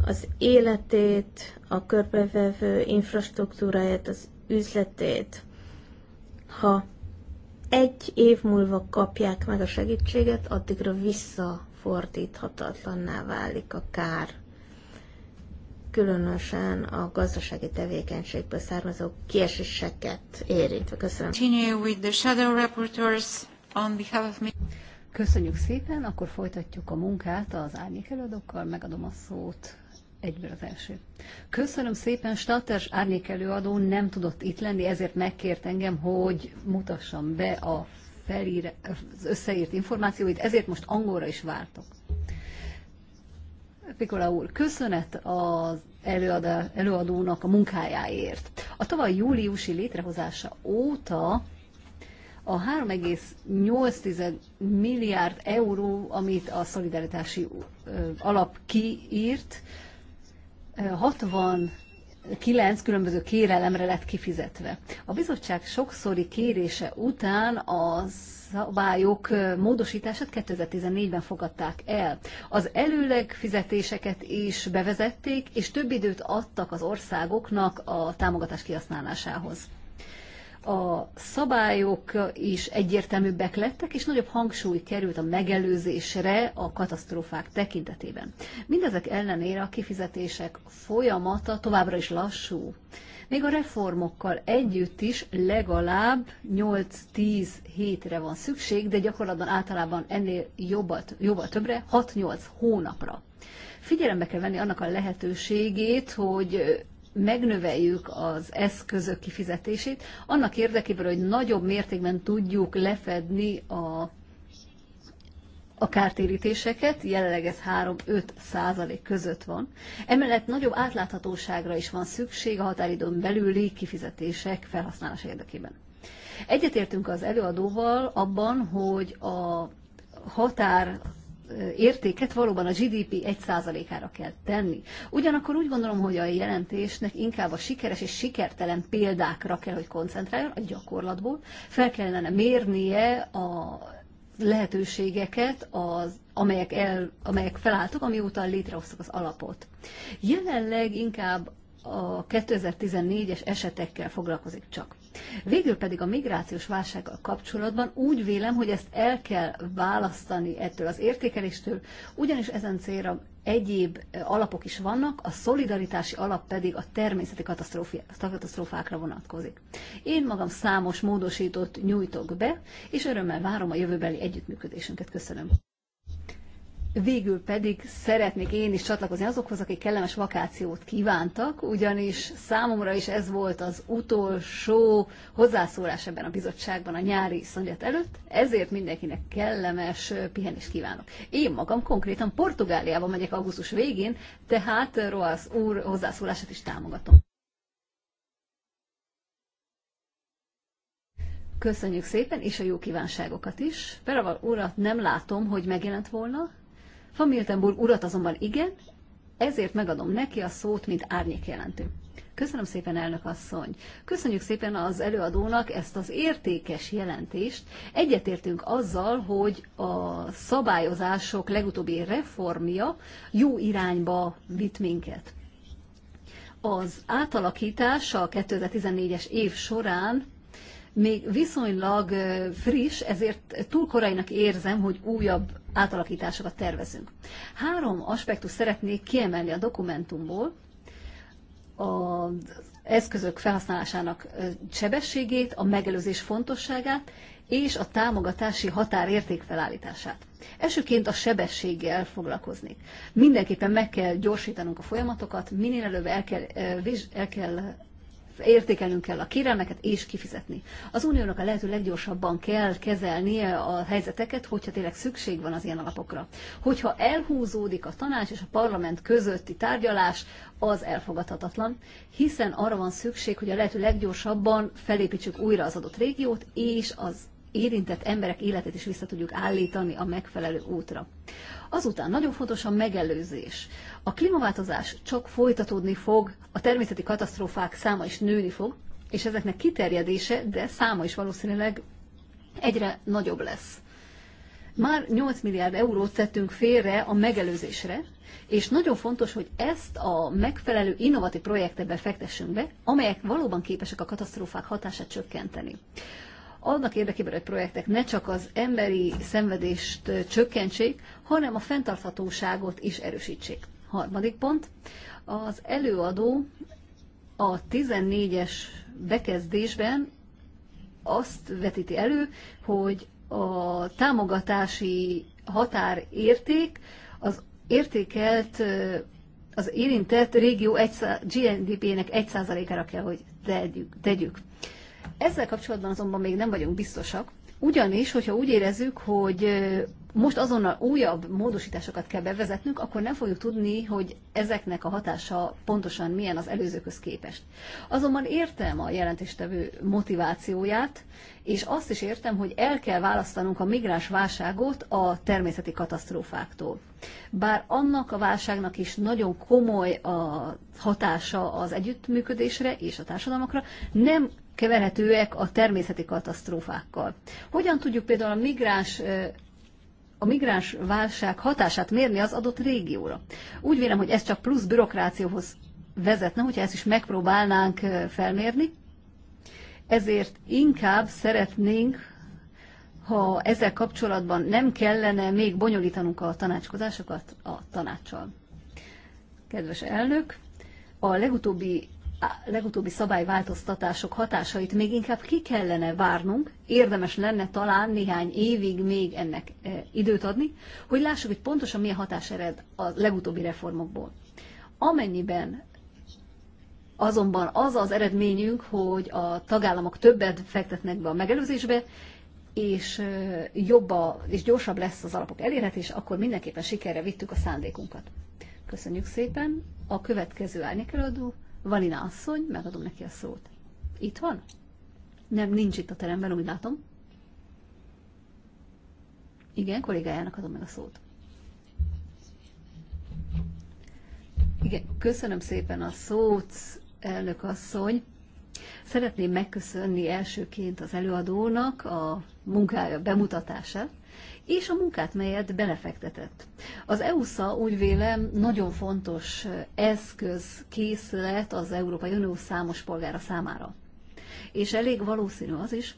az életét, a körbevevő infrastruktúráját, az üzletét, ha egy év múlva kapják meg a segítséget, addigra visszafordíthatatlanná válik a kár. Különösen a gazdasági tevékenységből származó kieséseket érintve. Köszönöm. with the shadow on behalf of me. Köszönjük szépen, akkor folytatjuk a munkát az árnyék előadókkal, megadom a szót egyből az első. Köszönöm szépen, Statters árnyék előadó nem tudott itt lenni, ezért megkért engem, hogy mutassam be a felír, az összeírt információit, ezért most angolra is vártok. Pikola úr, köszönet az előadá, előadónak a munkájáért. A tavaly júliusi létrehozása óta a 3,8 milliárd euró, amit a szolidaritási alap kiírt, 69 különböző kérelemre lett kifizetve. A bizottság sokszori kérése után az szabályok módosítását 2014-ben fogadták el. Az előleg fizetéseket is bevezették, és több időt adtak az országoknak a támogatás kihasználásához a szabályok is egyértelműbbek lettek, és nagyobb hangsúly került a megelőzésre a katasztrófák tekintetében. Mindezek ellenére a kifizetések folyamata továbbra is lassú. Még a reformokkal együtt is legalább 8-10 hétre van szükség, de gyakorlatban általában ennél jobbat, jobbat többre, 6-8 hónapra. Figyelembe kell venni annak a lehetőségét, hogy megnöveljük az eszközök kifizetését, annak érdekében, hogy nagyobb mértékben tudjuk lefedni a, a kártérítéseket, jelenleg ez 3-5 százalék között van. Emellett nagyobb átláthatóságra is van szükség a határidőn belüli kifizetések felhasználása érdekében. Egyetértünk az előadóval abban, hogy a határ értéket valóban a GDP 1%-ára kell tenni. Ugyanakkor úgy gondolom, hogy a jelentésnek inkább a sikeres és sikertelen példákra kell, hogy koncentráljon a gyakorlatból. Fel kellene mérnie a lehetőségeket, az, amelyek, el, amelyek felálltak, amióta létrehoztak az alapot. Jelenleg inkább a 2014-es esetekkel foglalkozik csak. Végül pedig a migrációs válsággal kapcsolatban úgy vélem, hogy ezt el kell választani ettől az értékeléstől, ugyanis ezen célra egyéb eh, alapok is vannak, a szolidaritási alap pedig a természeti katasztrófákra vonatkozik. Én magam számos módosítót nyújtok be, és örömmel várom a jövőbeli együttműködésünket. Köszönöm. Végül pedig szeretnék én is csatlakozni azokhoz, akik kellemes vakációt kívántak, ugyanis számomra is ez volt az utolsó hozzászólás ebben a bizottságban a nyári szondját előtt, ezért mindenkinek kellemes pihenést kívánok. Én magam konkrétan Portugáliába megyek augusztus végén, tehát Roasz úr hozzászólását is támogatom. Köszönjük szépen, és a jó kívánságokat is. Peraval urat nem látom, hogy megjelent volna, van Miltenburg urat azonban igen, ezért megadom neki a szót, mint árnyék jelentő. Köszönöm szépen, elnök asszony. Köszönjük szépen az előadónak ezt az értékes jelentést. Egyetértünk azzal, hogy a szabályozások legutóbbi reformja jó irányba vitt minket. Az átalakítás a 2014-es év során még viszonylag friss, ezért túl korainak érzem, hogy újabb átalakításokat tervezünk. Három aspektus szeretnék kiemelni a dokumentumból. Az eszközök felhasználásának sebességét, a megelőzés fontosságát és a támogatási határérték felállítását. Elsőként a sebességgel foglalkozni. Mindenképpen meg kell gyorsítanunk a folyamatokat, minél előbb el kell, el kell értékelnünk kell a kérelmeket és kifizetni. Az uniónak a lehető leggyorsabban kell kezelnie a helyzeteket, hogyha tényleg szükség van az ilyen alapokra. Hogyha elhúzódik a tanács és a parlament közötti tárgyalás, az elfogadhatatlan, hiszen arra van szükség, hogy a lehető leggyorsabban felépítsük újra az adott régiót és az érintett emberek életét is vissza tudjuk állítani a megfelelő útra. Azután nagyon fontos a megelőzés. A klímaváltozás csak folytatódni fog, a természeti katasztrófák száma is nőni fog, és ezeknek kiterjedése, de száma is valószínűleg egyre nagyobb lesz. Már 8 milliárd eurót tettünk félre a megelőzésre, és nagyon fontos, hogy ezt a megfelelő innovatív projektekbe fektessünk be, amelyek valóban képesek a katasztrófák hatását csökkenteni. Annak érdekében, hogy projektek ne csak az emberi szenvedést csökkentsék, hanem a fenntarthatóságot is erősítsék. Harmadik pont. Az előadó a 14-es bekezdésben azt vetíti elő, hogy a támogatási határérték az értékelt az érintett régió GNDP-nek 1%-ára kell, hogy tegyük, tegyük. Ezzel kapcsolatban azonban még nem vagyunk biztosak, ugyanis, hogyha úgy érezzük, hogy most azonnal újabb módosításokat kell bevezetnünk, akkor nem fogjuk tudni, hogy ezeknek a hatása pontosan milyen az előzőköz képest. Azonban értem a jelentéstevő motivációját, és azt is értem, hogy el kell választanunk a migráns válságot a természeti katasztrófáktól. Bár annak a válságnak is nagyon komoly a hatása az együttműködésre és a társadalmakra, nem keverhetőek a természeti katasztrófákkal. Hogyan tudjuk például a migráns a migráns válság hatását mérni az adott régióra. Úgy vélem, hogy ez csak plusz bürokrációhoz vezetne, hogyha ezt is megpróbálnánk felmérni. Ezért inkább szeretnénk, ha ezzel kapcsolatban nem kellene még bonyolítanunk a tanácskozásokat a tanácssal. Kedves elnök, a legutóbbi legutóbbi szabályváltoztatások hatásait még inkább ki kellene várnunk, érdemes lenne talán néhány évig még ennek e, időt adni, hogy lássuk, hogy pontosan milyen hatás ered a legutóbbi reformokból. Amennyiben azonban az az eredményünk, hogy a tagállamok többet fektetnek be a megelőzésbe, és e, jobb a, és gyorsabb lesz az alapok elérhetés, akkor mindenképpen sikerre vittük a szándékunkat. Köszönjük szépen. A következő árnyékelődő Valina asszony, megadom neki a szót. Itt van? Nem, nincs itt a teremben, úgy látom. Igen, kollégájának adom meg a szót. Igen, köszönöm szépen a szót, elnök asszony. Szeretném megköszönni elsőként az előadónak a munkája bemutatását, és a munkát, melyet belefektetett. Az EUSA úgy vélem nagyon fontos eszköz készlet az Európai Unió számos polgára számára. És elég valószínű az is,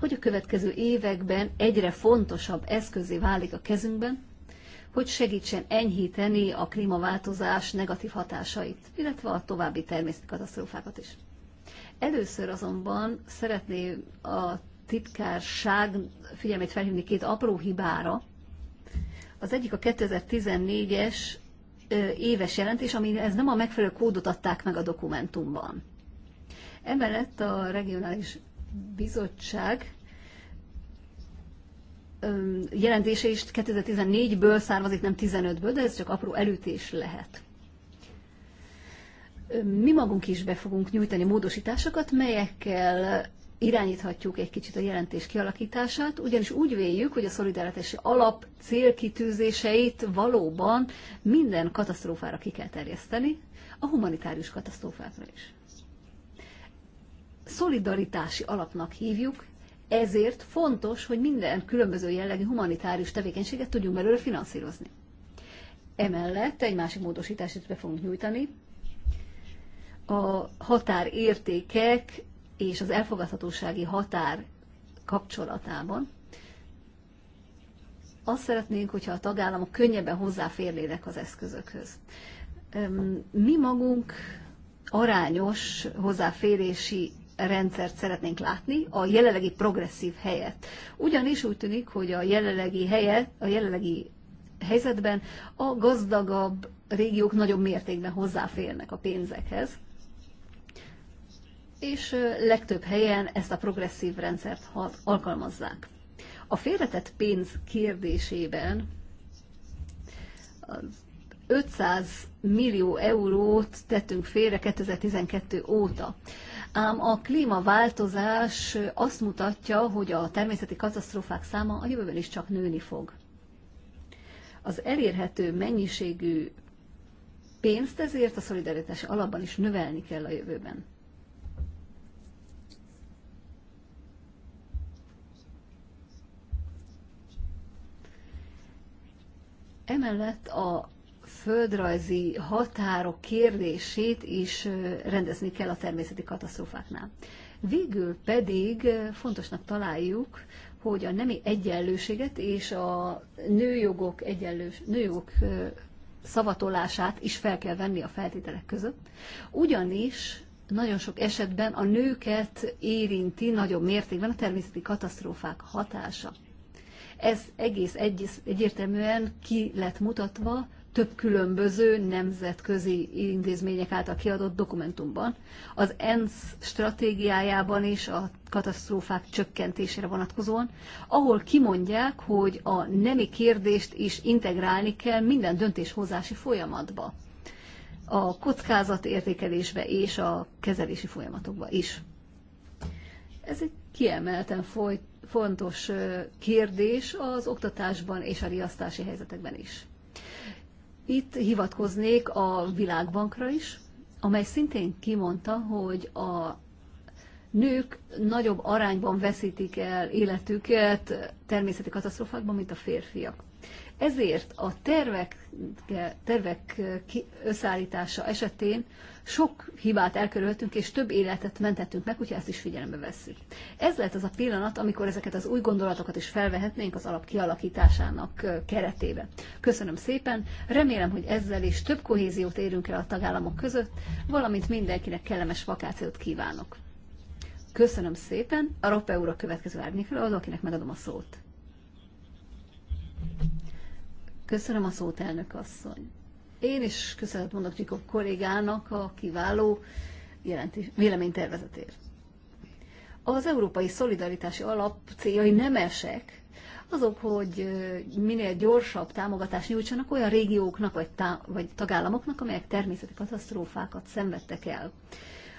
hogy a következő években egyre fontosabb eszközé válik a kezünkben, hogy segítsen enyhíteni a klímaváltozás negatív hatásait, illetve a további természetkatasztrófákat is. Először azonban szeretné a titkárság figyelmét felhívni két apró hibára. Az egyik a 2014-es éves jelentés, ami ez nem a megfelelő kódot adták meg a dokumentumban. Emellett a regionális bizottság jelentése is 2014-ből származik, nem 15-ből, de ez csak apró elütés lehet. Mi magunk is be fogunk nyújtani módosításokat, melyekkel irányíthatjuk egy kicsit a jelentés kialakítását, ugyanis úgy véljük, hogy a szolidaritási alap célkitűzéseit valóban minden katasztrófára ki kell terjeszteni, a humanitárius katasztrófákra is. Szolidaritási alapnak hívjuk, ezért fontos, hogy minden különböző jellegű humanitárius tevékenységet tudjunk belőle finanszírozni. Emellett egy másik módosítást be fogunk nyújtani, a határértékek és az elfogadhatósági határ kapcsolatában. Azt szeretnénk, hogyha a tagállamok könnyebben hozzáférnének az eszközökhöz. Mi magunk arányos hozzáférési rendszert szeretnénk látni, a jelenlegi progresszív helyet. Ugyanis úgy tűnik, hogy a jelenlegi helyet, a jelenlegi helyzetben a gazdagabb régiók nagyobb mértékben hozzáférnek a pénzekhez, és legtöbb helyen ezt a progresszív rendszert alkalmazzák. A félretett pénz kérdésében 500 millió eurót tettünk félre 2012 óta. Ám a klímaváltozás azt mutatja, hogy a természeti katasztrófák száma a jövőben is csak nőni fog. Az elérhető mennyiségű pénzt ezért a szolidaritási alapban is növelni kell a jövőben. Emellett a földrajzi határok kérdését is rendezni kell a természeti katasztrófáknál. Végül pedig fontosnak találjuk, hogy a nemi egyenlőséget és a nőjogok, egyenlős, nőjogok szavatolását is fel kell venni a feltételek között, ugyanis nagyon sok esetben a nőket érinti nagyobb mértékben a természeti katasztrófák hatása ez egész egy, egyértelműen ki lett mutatva több különböző nemzetközi intézmények által kiadott dokumentumban. Az ENSZ stratégiájában is a katasztrófák csökkentésére vonatkozóan, ahol kimondják, hogy a nemi kérdést is integrálni kell minden döntéshozási folyamatba, a kockázatértékelésbe és a kezelési folyamatokba is. Ez egy kiemelten foly, fontos kérdés az oktatásban és a riasztási helyzetekben is. Itt hivatkoznék a Világbankra is, amely szintén kimondta, hogy a nők nagyobb arányban veszítik el életüket természeti katasztrofákban, mint a férfiak. Ezért a tervek, tervek összeállítása esetén sok hibát elkerülhetünk, és több életet mentettünk meg, hogyha ezt is figyelembe vesszük. Ez lehet az a pillanat, amikor ezeket az új gondolatokat is felvehetnénk az alap kialakításának keretébe. Köszönöm szépen, remélem, hogy ezzel is több kohéziót érünk el a tagállamok között, valamint mindenkinek kellemes vakációt kívánok. Köszönöm szépen, a Rope úr a következő árnyékelő, az, akinek megadom a szót. Köszönöm a szót, elnök asszony. Én is köszönet mondok Csikó kollégának a kiváló jelentés, véleménytervezetért. Az Európai Szolidaritási Alap céljai nemesek, azok, hogy minél gyorsabb támogatást nyújtsanak olyan régióknak vagy, tá- vagy tagállamoknak, amelyek természeti katasztrófákat szenvedtek el.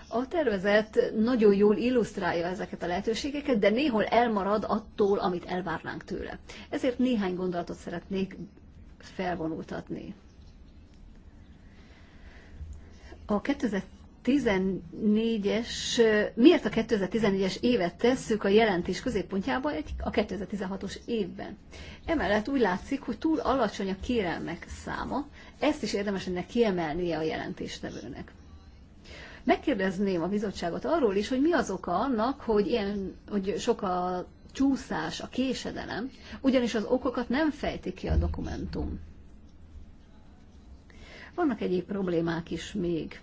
A tervezet nagyon jól illusztrálja ezeket a lehetőségeket, de néhol elmarad attól, amit elvárnánk tőle. Ezért néhány gondolatot szeretnék felvonultatni. A 2014-es, miért a 2014-es évet tesszük a jelentés középpontjába egy, a 2016-os évben? Emellett úgy látszik, hogy túl alacsony a kérelmek száma, ezt is érdemes lenne kiemelnie a jelentéstevőnek. Megkérdezném a bizottságot arról is, hogy mi az oka annak, hogy, ilyen, hogy sok a csúszás, a késedelem, ugyanis az okokat nem fejti ki a dokumentum. Vannak egyéb problémák is még.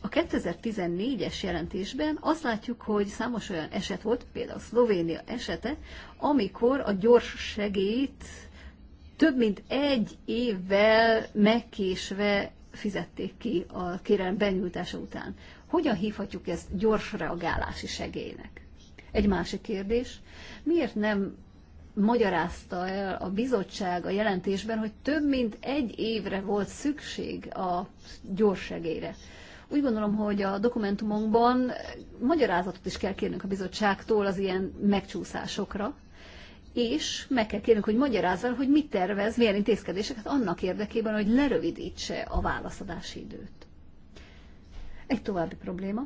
A 2014-es jelentésben azt látjuk, hogy számos olyan eset volt, például Szlovénia esete, amikor a gyors segélyt több mint egy évvel megkésve fizették ki a kérelem benyújtása után. Hogyan hívhatjuk ezt gyors reagálási segélynek? Egy másik kérdés, miért nem magyarázta el a bizottság a jelentésben, hogy több mint egy évre volt szükség a gyorsegére? Úgy gondolom, hogy a dokumentumokban magyarázatot is kell kérnünk a bizottságtól az ilyen megcsúszásokra, és meg kell kérnünk, hogy magyarázza, hogy mit tervez, milyen intézkedéseket annak érdekében, hogy lerövidítse a válaszadási időt. Egy további probléma.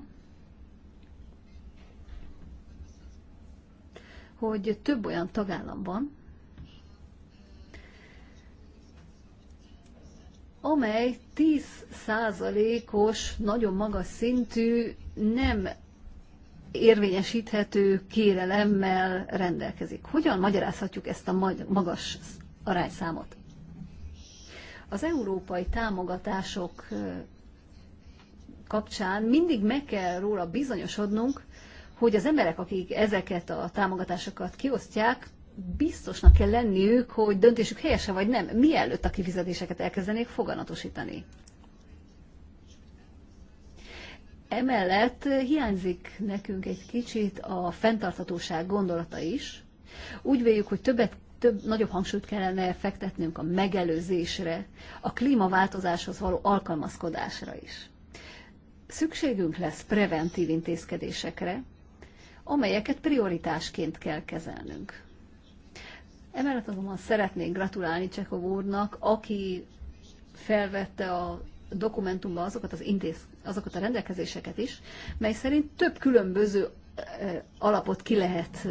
hogy több olyan tagállam van, amely 10%-os, nagyon magas szintű, nem érvényesíthető kérelemmel rendelkezik. Hogyan magyarázhatjuk ezt a magas arányszámot? Az európai támogatások kapcsán mindig meg kell róla bizonyosodnunk, hogy az emberek, akik ezeket a támogatásokat kiosztják, biztosnak kell lenniük, hogy döntésük helyese vagy nem, mielőtt a kifizetéseket elkezdenék foganatosítani. Emellett hiányzik nekünk egy kicsit a fenntarthatóság gondolata is. Úgy véljük, hogy többet, több, nagyobb hangsúlyt kellene fektetnünk a megelőzésre, a klímaváltozáshoz való alkalmazkodásra is. Szükségünk lesz preventív intézkedésekre, amelyeket prioritásként kell kezelnünk. Emellett azonban szeretnék gratulálni Csekov úrnak, aki felvette a dokumentumban azokat, az intéz, azokat a rendelkezéseket is, mely szerint több különböző alapot ki lehet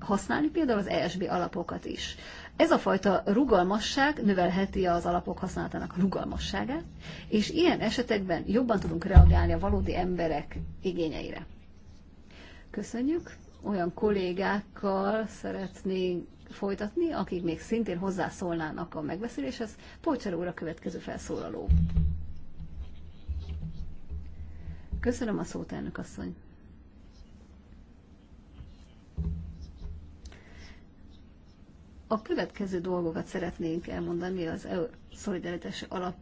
használni, például az ESB alapokat is. Ez a fajta rugalmasság növelheti az alapok használatának rugalmasságát, és ilyen esetekben jobban tudunk reagálni a valódi emberek igényeire. Köszönjük. Olyan kollégákkal szeretnénk folytatni, akik még szintén hozzászólnának a megbeszéléshez. Polcsár úr a következő felszólaló. Köszönöm a szót, elnök asszony. A következő dolgokat szeretnénk elmondani az EU szolidaritási alap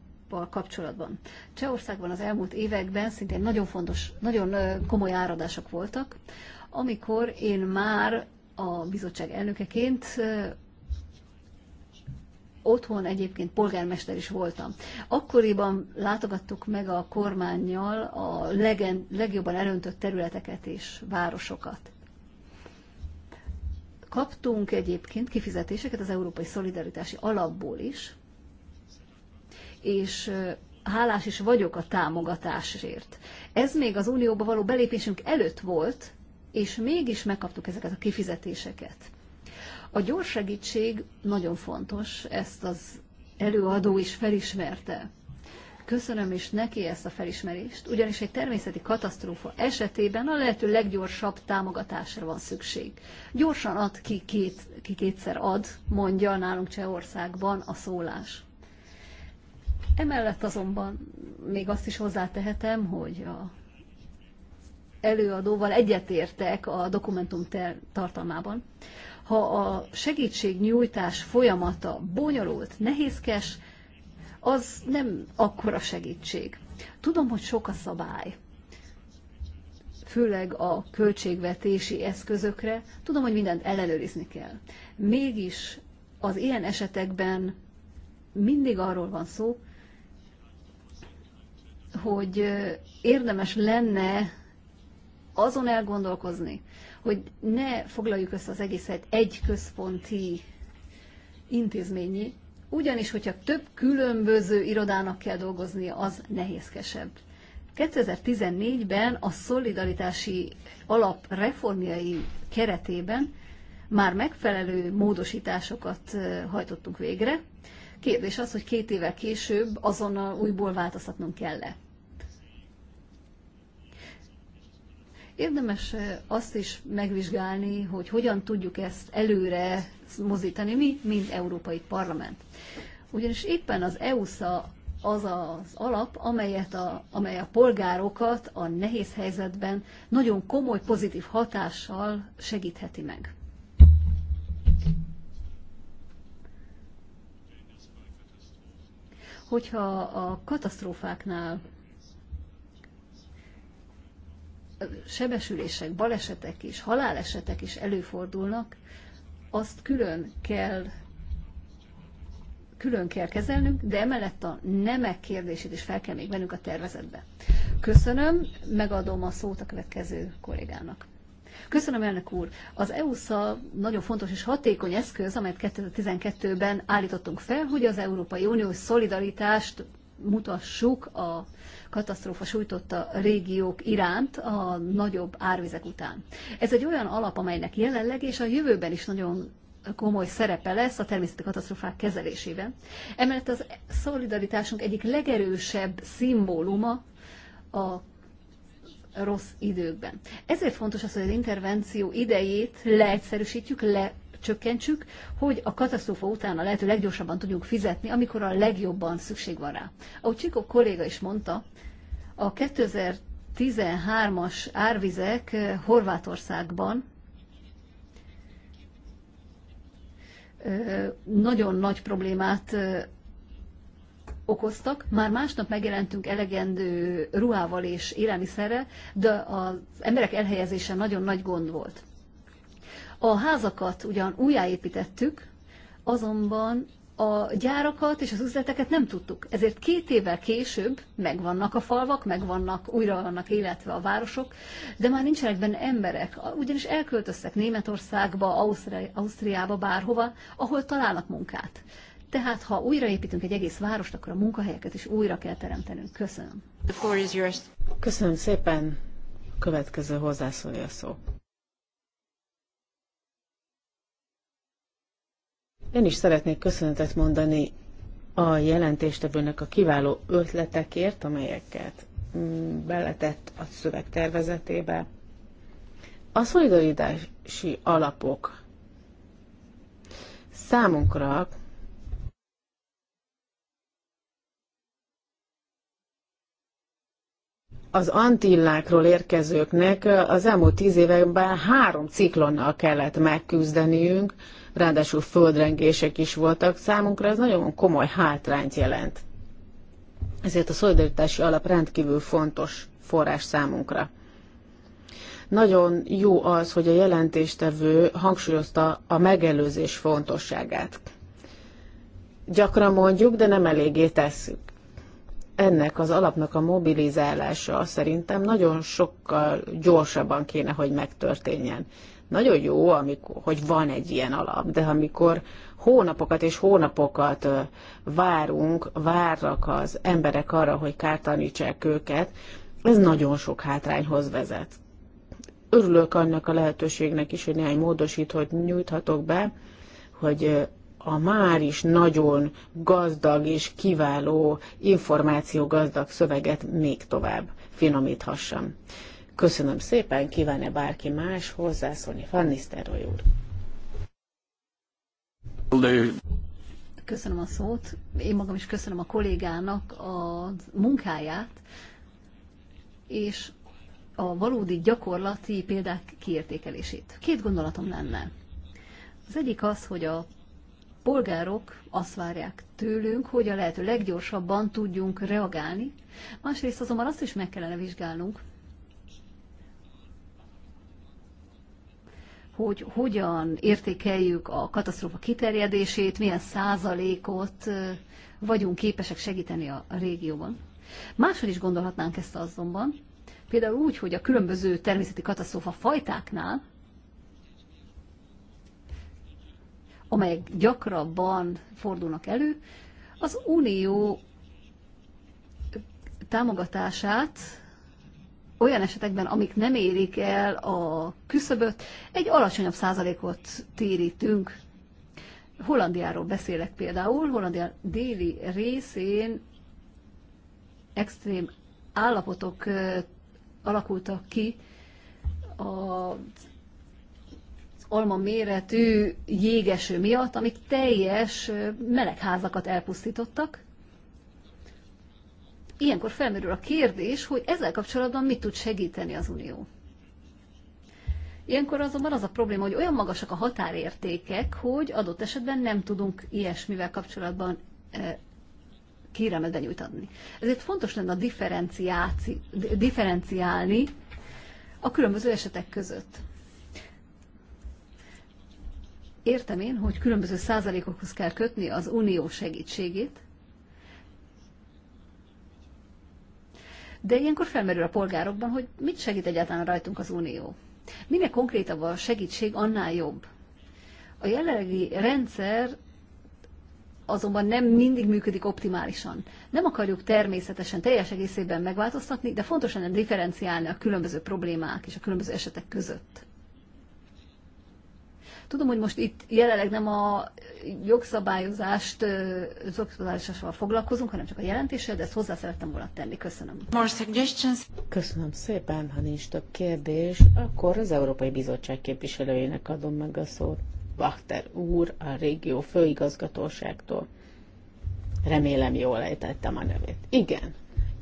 kapcsolatban. Csehországban az elmúlt években szintén nagyon fontos, nagyon komoly áradások voltak, amikor én már a bizottság elnökeként otthon egyébként polgármester is voltam. Akkoriban látogattuk meg a kormányjal a legen, legjobban elöntött területeket és városokat. Kaptunk egyébként kifizetéseket az Európai Szolidaritási Alapból is, és hálás is vagyok a támogatásért. Ez még az Unióba való belépésünk előtt volt, és mégis megkaptuk ezeket a kifizetéseket. A gyors segítség nagyon fontos, ezt az előadó is felismerte. Köszönöm is neki ezt a felismerést, ugyanis egy természeti katasztrófa esetében a lehető leggyorsabb támogatásra van szükség. Gyorsan ad ki, két, ki kétszer ad, mondja nálunk Csehországban a szólás. Emellett azonban még azt is hozzátehetem, hogy a előadóval egyetértek a dokumentum tartalmában. Ha a segítségnyújtás folyamata bonyolult, nehézkes, az nem akkora segítség. Tudom, hogy sok a szabály, főleg a költségvetési eszközökre, tudom, hogy mindent ellenőrizni kell. Mégis az ilyen esetekben mindig arról van szó, hogy érdemes lenne azon elgondolkozni, hogy ne foglaljuk össze az egészet egy központi intézményi, ugyanis, hogyha több különböző irodának kell dolgozni, az nehézkesebb. 2014-ben a szolidaritási alap reformjai keretében már megfelelő módosításokat hajtottunk végre, Kérdés az, hogy két éve később azonnal újból változtatnunk kell-e. Érdemes eh, azt is megvizsgálni, hogy hogyan tudjuk ezt előre mozítani mi, mint Európai Parlament. Ugyanis éppen az EUSA az az alap, amelyet a, amely a polgárokat a nehéz helyzetben nagyon komoly pozitív hatással segítheti meg. hogyha a katasztrófáknál sebesülések, balesetek és halálesetek is előfordulnak, azt külön kell külön kell kezelnünk, de emellett a nemek kérdését is fel kell még vennünk a tervezetbe. Köszönöm, megadom a szót a következő kollégának. Köszönöm, elnök úr! Az EUSZA nagyon fontos és hatékony eszköz, amelyet 2012-ben állítottunk fel, hogy az Európai Unió szolidaritást mutassuk a katasztrófa sújtotta régiók iránt a nagyobb árvizek után. Ez egy olyan alap, amelynek jelenleg és a jövőben is nagyon komoly szerepe lesz a természeti katasztrófák kezelésében. Emellett az szolidaritásunk egyik legerősebb szimbóluma a rossz időkben. Ezért fontos az, hogy az intervenció idejét leegyszerűsítjük, le csökkentsük, hogy a katasztrófa után a lehető leggyorsabban tudjunk fizetni, amikor a legjobban szükség van rá. Ahogy Csikó kolléga is mondta, a 2013-as árvizek eh, Horvátországban eh, nagyon nagy problémát eh, okoztak. Már másnap megjelentünk elegendő ruhával és élelmiszerrel, de az emberek elhelyezése nagyon nagy gond volt. A házakat ugyan újjáépítettük, azonban a gyárakat és az üzleteket nem tudtuk. Ezért két évvel később megvannak a falvak, megvannak, újra vannak életve a városok, de már nincsenek benne emberek, ugyanis elköltöztek Németországba, Ausztri- Ausztriába, bárhova, ahol találnak munkát. Tehát, ha újraépítünk egy egész várost, akkor a munkahelyeket is újra kell teremtenünk. Köszönöm. The floor is yours. Köszönöm szépen. Következő hozzászólja szó. Én is szeretnék köszönetet mondani a jelentéstevőnek a kiváló ötletekért, amelyeket mm, beletett a szöveg tervezetébe. A szolidaritási alapok számunkra az antillákról érkezőknek az elmúlt tíz években három ciklonnal kellett megküzdeniünk, ráadásul földrengések is voltak. Számunkra ez nagyon komoly hátrányt jelent. Ezért a szolidaritási alap rendkívül fontos forrás számunkra. Nagyon jó az, hogy a jelentéstevő hangsúlyozta a megelőzés fontosságát. Gyakran mondjuk, de nem eléggé tesszük ennek az alapnak a mobilizálása szerintem nagyon sokkal gyorsabban kéne, hogy megtörténjen. Nagyon jó, amikor, hogy van egy ilyen alap, de amikor hónapokat és hónapokat várunk, várnak az emberek arra, hogy kártanítsák őket, ez nagyon sok hátrányhoz vezet. Örülök annak a lehetőségnek is, hogy néhány hogy nyújthatok be, hogy a már is nagyon gazdag és kiváló információ gazdag szöveget még tovább finomíthassam. Köszönöm szépen, kíván-e bárki más hozzászólni? Fanny Szteroly úr. Köszönöm a szót. Én magam is köszönöm a kollégának a munkáját, és a valódi gyakorlati példák kiértékelését. Két gondolatom lenne. Az egyik az, hogy a polgárok azt várják tőlünk, hogy a lehető leggyorsabban tudjunk reagálni. Másrészt azonban azt is meg kellene vizsgálnunk, hogy hogyan értékeljük a katasztrófa kiterjedését, milyen százalékot vagyunk képesek segíteni a régióban. Máshogy is gondolhatnánk ezt azonban, például úgy, hogy a különböző természeti katasztrófa fajtáknál amelyek gyakrabban fordulnak elő, az unió támogatását olyan esetekben, amik nem érik el a küszöböt, egy alacsonyabb százalékot térítünk. Hollandiáról beszélek például, Hollandia déli részén extrém állapotok alakultak ki az alma méretű jégeső miatt, amik teljes melegházakat elpusztítottak. Ilyenkor felmerül a kérdés, hogy ezzel kapcsolatban mit tud segíteni az Unió. Ilyenkor azonban az a probléma, hogy olyan magasak a határértékek, hogy adott esetben nem tudunk ilyesmivel kapcsolatban kérelmet nyújtani. Ezért fontos lenne a differenciálni a különböző esetek között értem én, hogy különböző százalékokhoz kell kötni az unió segítségét, de ilyenkor felmerül a polgárokban, hogy mit segít egyáltalán rajtunk az unió. Minél konkrétabb a segítség, annál jobb. A jelenlegi rendszer azonban nem mindig működik optimálisan. Nem akarjuk természetesen teljes egészében megváltoztatni, de fontos lenne differenciálni a különböző problémák és a különböző esetek között. Tudom, hogy most itt jelenleg nem a jogszabályozást, jogszabályozással foglalkozunk, hanem csak a jelentéssel, de ezt hozzá szerettem volna tenni. Köszönöm. More suggestions. Köszönöm szépen, ha nincs több kérdés, akkor az Európai Bizottság képviselőjének adom meg a szót. Bachter úr a régió főigazgatóságtól. Remélem jól ejtettem a nevét. Igen,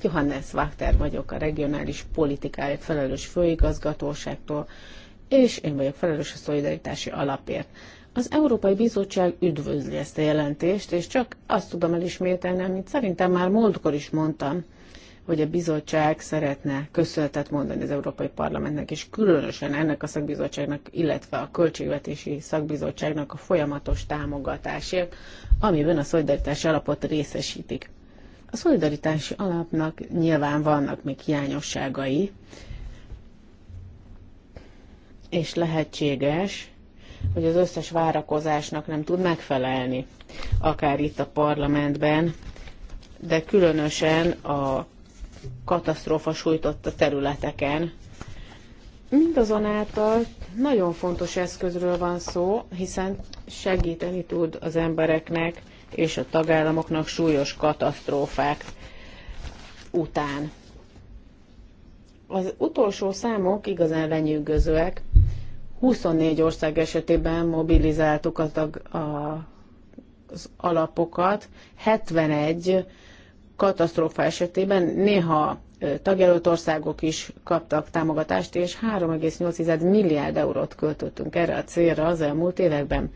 Johannes Wachter vagyok a regionális politikáért felelős főigazgatóságtól, és én vagyok felelős a szolidaritási alapért. Az Európai Bizottság üdvözli ezt a jelentést, és csak azt tudom elismételni, amit szerintem már múltkor is mondtam, hogy a bizottság szeretne köszönetet mondani az Európai Parlamentnek, és különösen ennek a szakbizottságnak, illetve a költségvetési szakbizottságnak a folyamatos támogatásért, amiben a szolidaritási alapot részesítik. A szolidaritási alapnak nyilván vannak még hiányosságai, és lehetséges, hogy az összes várakozásnak nem tud megfelelni, akár itt a parlamentben, de különösen a katasztrófa sújtotta területeken. Mindazonáltal nagyon fontos eszközről van szó, hiszen segíteni tud az embereknek és a tagállamoknak súlyos katasztrófák után. Az utolsó számok igazán lenyűgözőek. 24 ország esetében mobilizáltuk a, a, az alapokat, 71 katasztrófa esetében néha tagjelölt országok is kaptak támogatást, és 3,8 milliárd eurót költöttünk erre a célra az elmúlt években.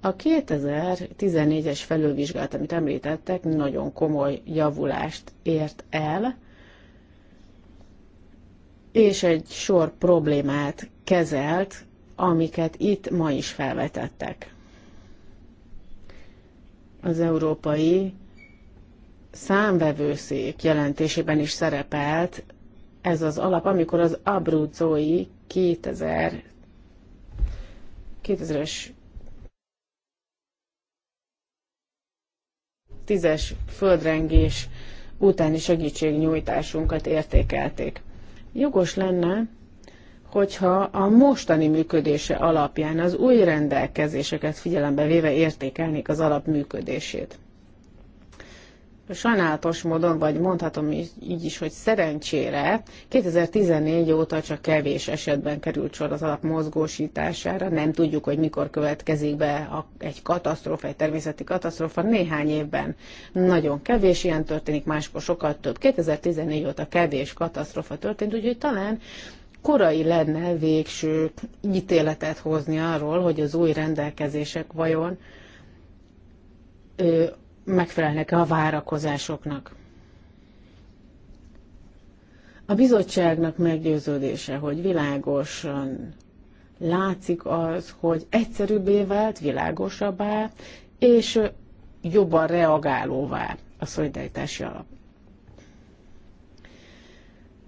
A 2014-es felülvizsgálat, amit említettek, nagyon komoly javulást ért el, és egy sor problémát kezelt, amiket itt ma is felvetettek. Az európai számvevőszék jelentésében is szerepelt ez az alap, amikor az Abruzzói 2000 2000-es 10-es földrengés utáni segítségnyújtásunkat értékelték. Jogos lenne, hogyha a mostani működése alapján az új rendelkezéseket figyelembe véve értékelnék az alap működését sajnálatos módon, vagy mondhatom így is, hogy szerencsére 2014 óta csak kevés esetben került sor az alap mozgósítására. Nem tudjuk, hogy mikor következik be a, egy katasztrófa, egy természeti katasztrófa. Néhány évben nagyon kevés ilyen történik, máskor sokkal több. 2014 óta kevés katasztrófa történt, úgyhogy talán korai lenne végső ítéletet hozni arról, hogy az új rendelkezések vajon megfelelnek-e a várakozásoknak. A bizottságnak meggyőződése, hogy világosan látszik az, hogy egyszerűbbé vált, világosabbá, és jobban reagálóvá a szolidaritási alap.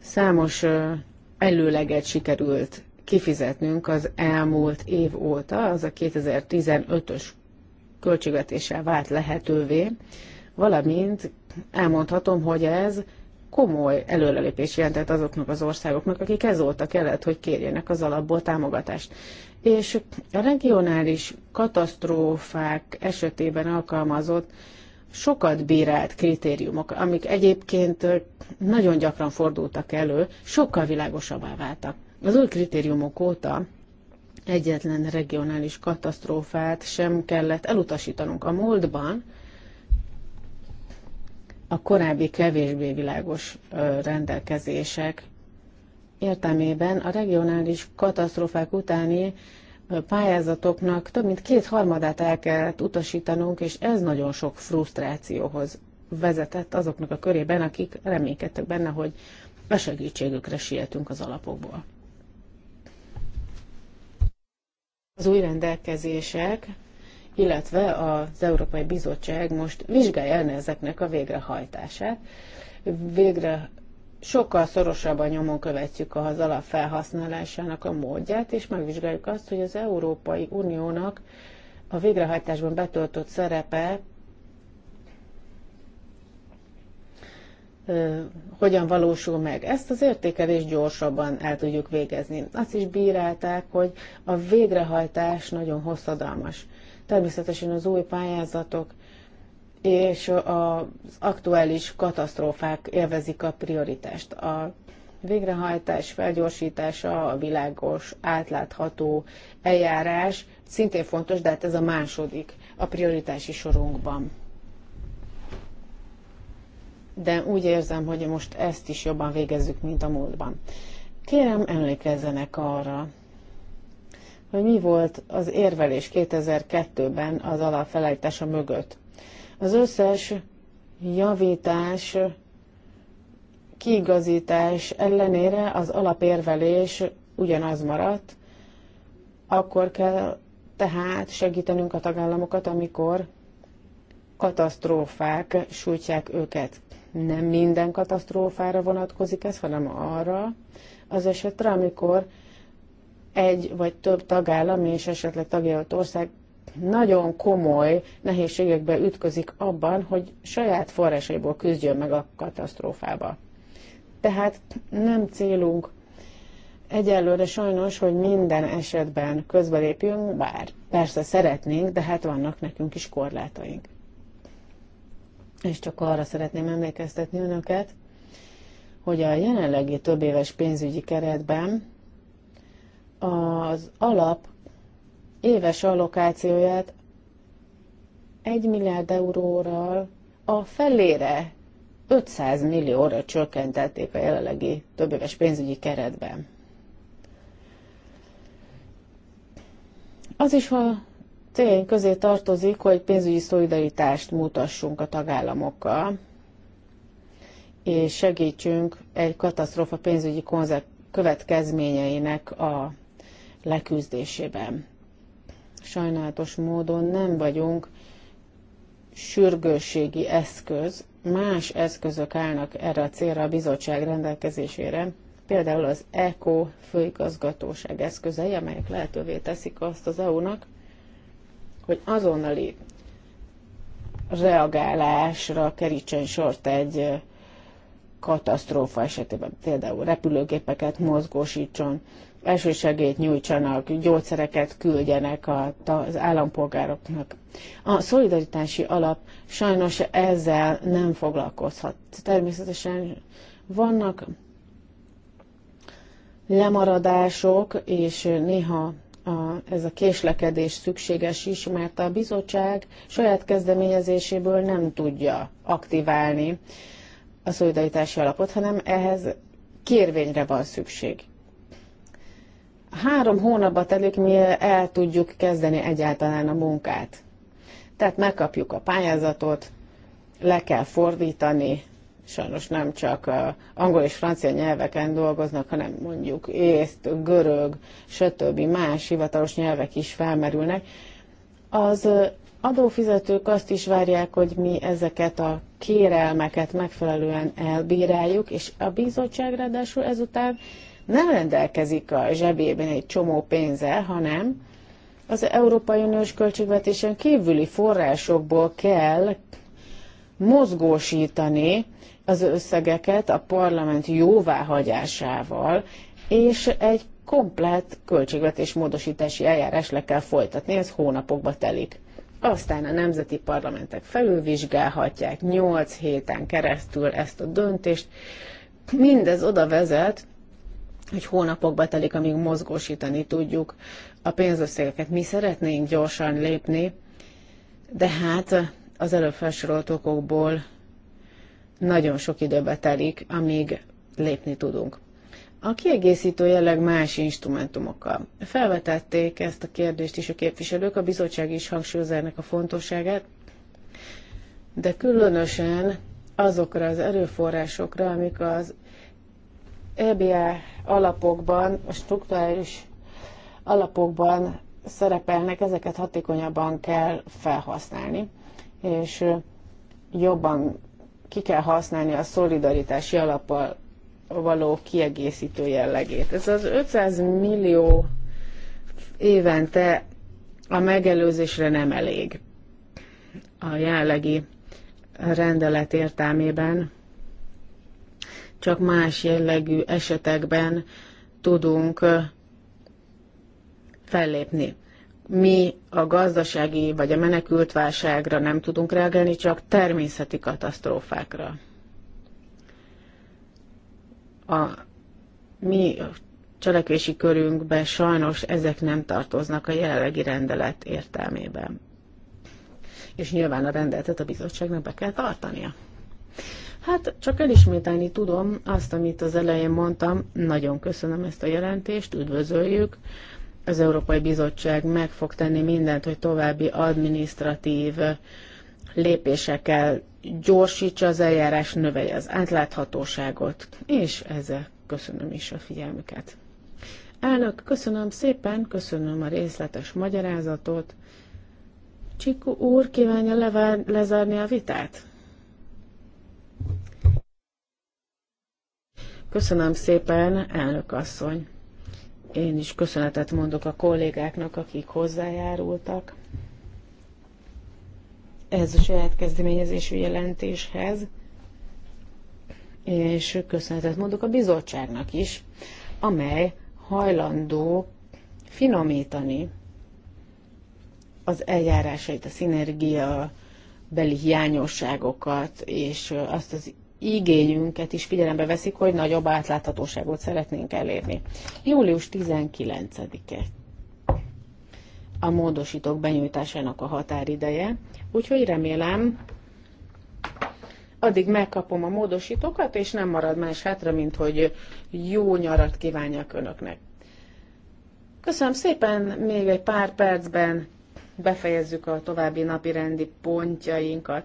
Számos előleget sikerült kifizetnünk az elmúlt év óta, az a 2015-ös költségvetéssel vált lehetővé, valamint elmondhatom, hogy ez komoly előrelépés jelentett azoknak az országoknak, akik ezóta kellett, hogy kérjenek az alapból támogatást. És a regionális katasztrófák esetében alkalmazott sokat bírált kritériumok, amik egyébként nagyon gyakran fordultak elő, sokkal világosabbá váltak. Az új kritériumok óta egyetlen regionális katasztrófát sem kellett elutasítanunk. A múltban a korábbi kevésbé világos rendelkezések értelmében a regionális katasztrófák utáni pályázatoknak több mint kétharmadát el kellett utasítanunk, és ez nagyon sok frusztrációhoz vezetett azoknak a körében, akik reménykedtek benne, hogy a segítségükre sietünk az alapokból. Az új rendelkezések, illetve az Európai Bizottság most vizsgálja el ezeknek a végrehajtását. Végre sokkal szorosabban nyomon követjük az alap felhasználásának a módját, és megvizsgáljuk azt, hogy az Európai Uniónak a végrehajtásban betöltött szerepe hogyan valósul meg. Ezt az értékelést gyorsabban el tudjuk végezni. Azt is bírálták, hogy a végrehajtás nagyon hosszadalmas. Természetesen az új pályázatok és az aktuális katasztrófák élvezik a prioritást. A végrehajtás felgyorsítása, a világos, átlátható eljárás szintén fontos, de hát ez a második a prioritási sorunkban de úgy érzem, hogy most ezt is jobban végezzük, mint a múltban. Kérem, emlékezzenek arra, hogy mi volt az érvelés 2002-ben az alapfelejtása mögött. Az összes javítás, kiigazítás ellenére az alapérvelés ugyanaz maradt, akkor kell tehát segítenünk a tagállamokat, amikor katasztrófák sújtják őket. Nem minden katasztrófára vonatkozik ez, hanem arra az esetre, amikor egy vagy több tagállam és esetleg tagjelölt ország nagyon komoly nehézségekbe ütközik abban, hogy saját forrásaiból küzdjön meg a katasztrófába. Tehát nem célunk egyelőre sajnos, hogy minden esetben közbelépjünk, bár persze szeretnénk, de hát vannak nekünk is korlátaink és csak arra szeretném emlékeztetni önöket, hogy a jelenlegi több éves pénzügyi keretben az alap éves allokációját 1 milliárd euróról a felére 500 millióra csökkentették a jelenlegi többéves pénzügyi keretben. Az is, ha céljaink közé tartozik, hogy pénzügyi szolidaritást mutassunk a tagállamokkal, és segítsünk egy katasztrófa pénzügyi következményeinek a leküzdésében. Sajnálatos módon nem vagyunk sürgősségi eszköz, más eszközök állnak erre a célra a bizottság rendelkezésére, például az ECO főigazgatóság eszközei, amelyek lehetővé teszik azt az EU-nak, hogy azonnali reagálásra kerítsen sort egy katasztrófa esetében, például repülőgépeket mozgósítson, elsősegélyt nyújtsanak, gyógyszereket küldjenek az állampolgároknak. A szolidaritási alap sajnos ezzel nem foglalkozhat. Természetesen vannak lemaradások, és néha a, ez a késlekedés szükséges is, mert a bizottság saját kezdeményezéséből nem tudja aktiválni a szolidaritási alapot, hanem ehhez kérvényre van szükség. Három hónapba telik, mi el tudjuk kezdeni egyáltalán a munkát. Tehát megkapjuk a pályázatot, le kell fordítani, sajnos nem csak angol és francia nyelveken dolgoznak, hanem mondjuk észt, görög, stb. más hivatalos nyelvek is felmerülnek. Az adófizetők azt is várják, hogy mi ezeket a kérelmeket megfelelően elbíráljuk, és a bizottság ráadásul ezután nem rendelkezik a zsebében egy csomó pénzzel, hanem az Európai Uniós költségvetésen kívüli forrásokból kell mozgósítani az összegeket a parlament jóváhagyásával, és egy komplett költségvetés módosítási eljárás le kell folytatni, ez hónapokba telik. Aztán a nemzeti parlamentek felülvizsgálhatják 8 héten keresztül ezt a döntést. Mindez oda vezet, hogy hónapokba telik, amíg mozgósítani tudjuk a pénzösszegeket. Mi szeretnénk gyorsan lépni, de hát az előbb felsoroltókokból nagyon sok időbe telik, amíg lépni tudunk. A kiegészítő jelleg más instrumentumokkal. Felvetették ezt a kérdést is a képviselők, a bizottság is hangsúlyozza ennek a fontosságát, de különösen azokra az erőforrásokra, amik az EBA alapokban, a struktúrális alapokban szerepelnek, ezeket hatékonyabban kell felhasználni, és jobban ki kell használni a szolidaritási alappal való kiegészítő jellegét. Ez az 500 millió évente a megelőzésre nem elég. A jelenlegi rendelet értelmében csak más jellegű esetekben tudunk fellépni mi a gazdasági vagy a menekültválságra nem tudunk reagálni, csak természeti katasztrófákra. A mi cselekvési körünkben sajnos ezek nem tartoznak a jelenlegi rendelet értelmében. És nyilván a rendeletet a bizottságnak be kell tartania. Hát csak elismételni tudom azt, amit az elején mondtam. Nagyon köszönöm ezt a jelentést, üdvözöljük az Európai Bizottság meg fog tenni mindent, hogy további administratív lépésekkel gyorsítsa az eljárás, növelje az átláthatóságot, és ezzel köszönöm is a figyelmüket. Elnök, köszönöm szépen, köszönöm a részletes magyarázatot. Csikó úr kívánja lezárni a vitát? Köszönöm szépen, elnök asszony. Én is köszönetet mondok a kollégáknak, akik hozzájárultak ez a saját kezdeményezésű jelentéshez, és köszönetet mondok a bizottságnak is, amely hajlandó finomítani az eljárásait, a szinergia beli hiányosságokat, és azt az igényünket is figyelembe veszik, hogy nagyobb átláthatóságot szeretnénk elérni. Július 19-e a módosítók benyújtásának a határideje, úgyhogy remélem, addig megkapom a módosítókat, és nem marad más hátra, mint hogy jó nyarat kívánjak Önöknek. Köszönöm szépen, még egy pár percben befejezzük a további napi rendi pontjainkat.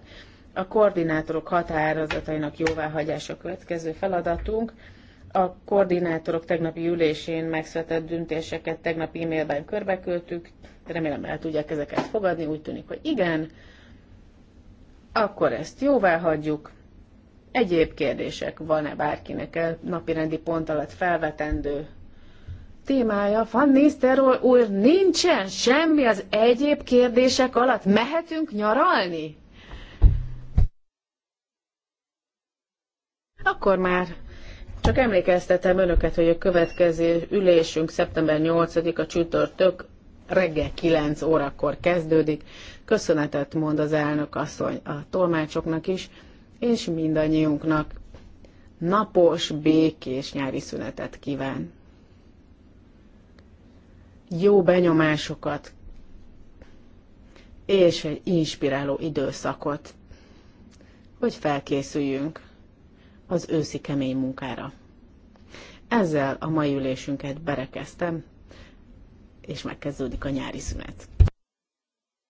A koordinátorok határozatainak jóváhagyása következő feladatunk. A koordinátorok tegnapi ülésén megszületett döntéseket tegnap e-mailben körbeköltük. Remélem el tudják ezeket fogadni, úgy tűnik, hogy igen. Akkor ezt jóváhagyjuk. Egyéb kérdések van-e bárkinek el napirendi pont alatt felvetendő témája, Van Nisztelrooy úr, nincsen semmi az egyéb kérdések alatt. Mehetünk nyaralni? Akkor már csak emlékeztetem önöket, hogy a következő ülésünk szeptember 8-a csütörtök reggel 9 órakor kezdődik. Köszönetet mond az elnök asszony a tolmácsoknak is, és mindannyiunknak napos, békés nyári szünetet kíván. Jó benyomásokat, és egy inspiráló időszakot, hogy felkészüljünk az őszi kemény munkára. Ezzel a mai ülésünket berekeztem, és megkezdődik a nyári szünet.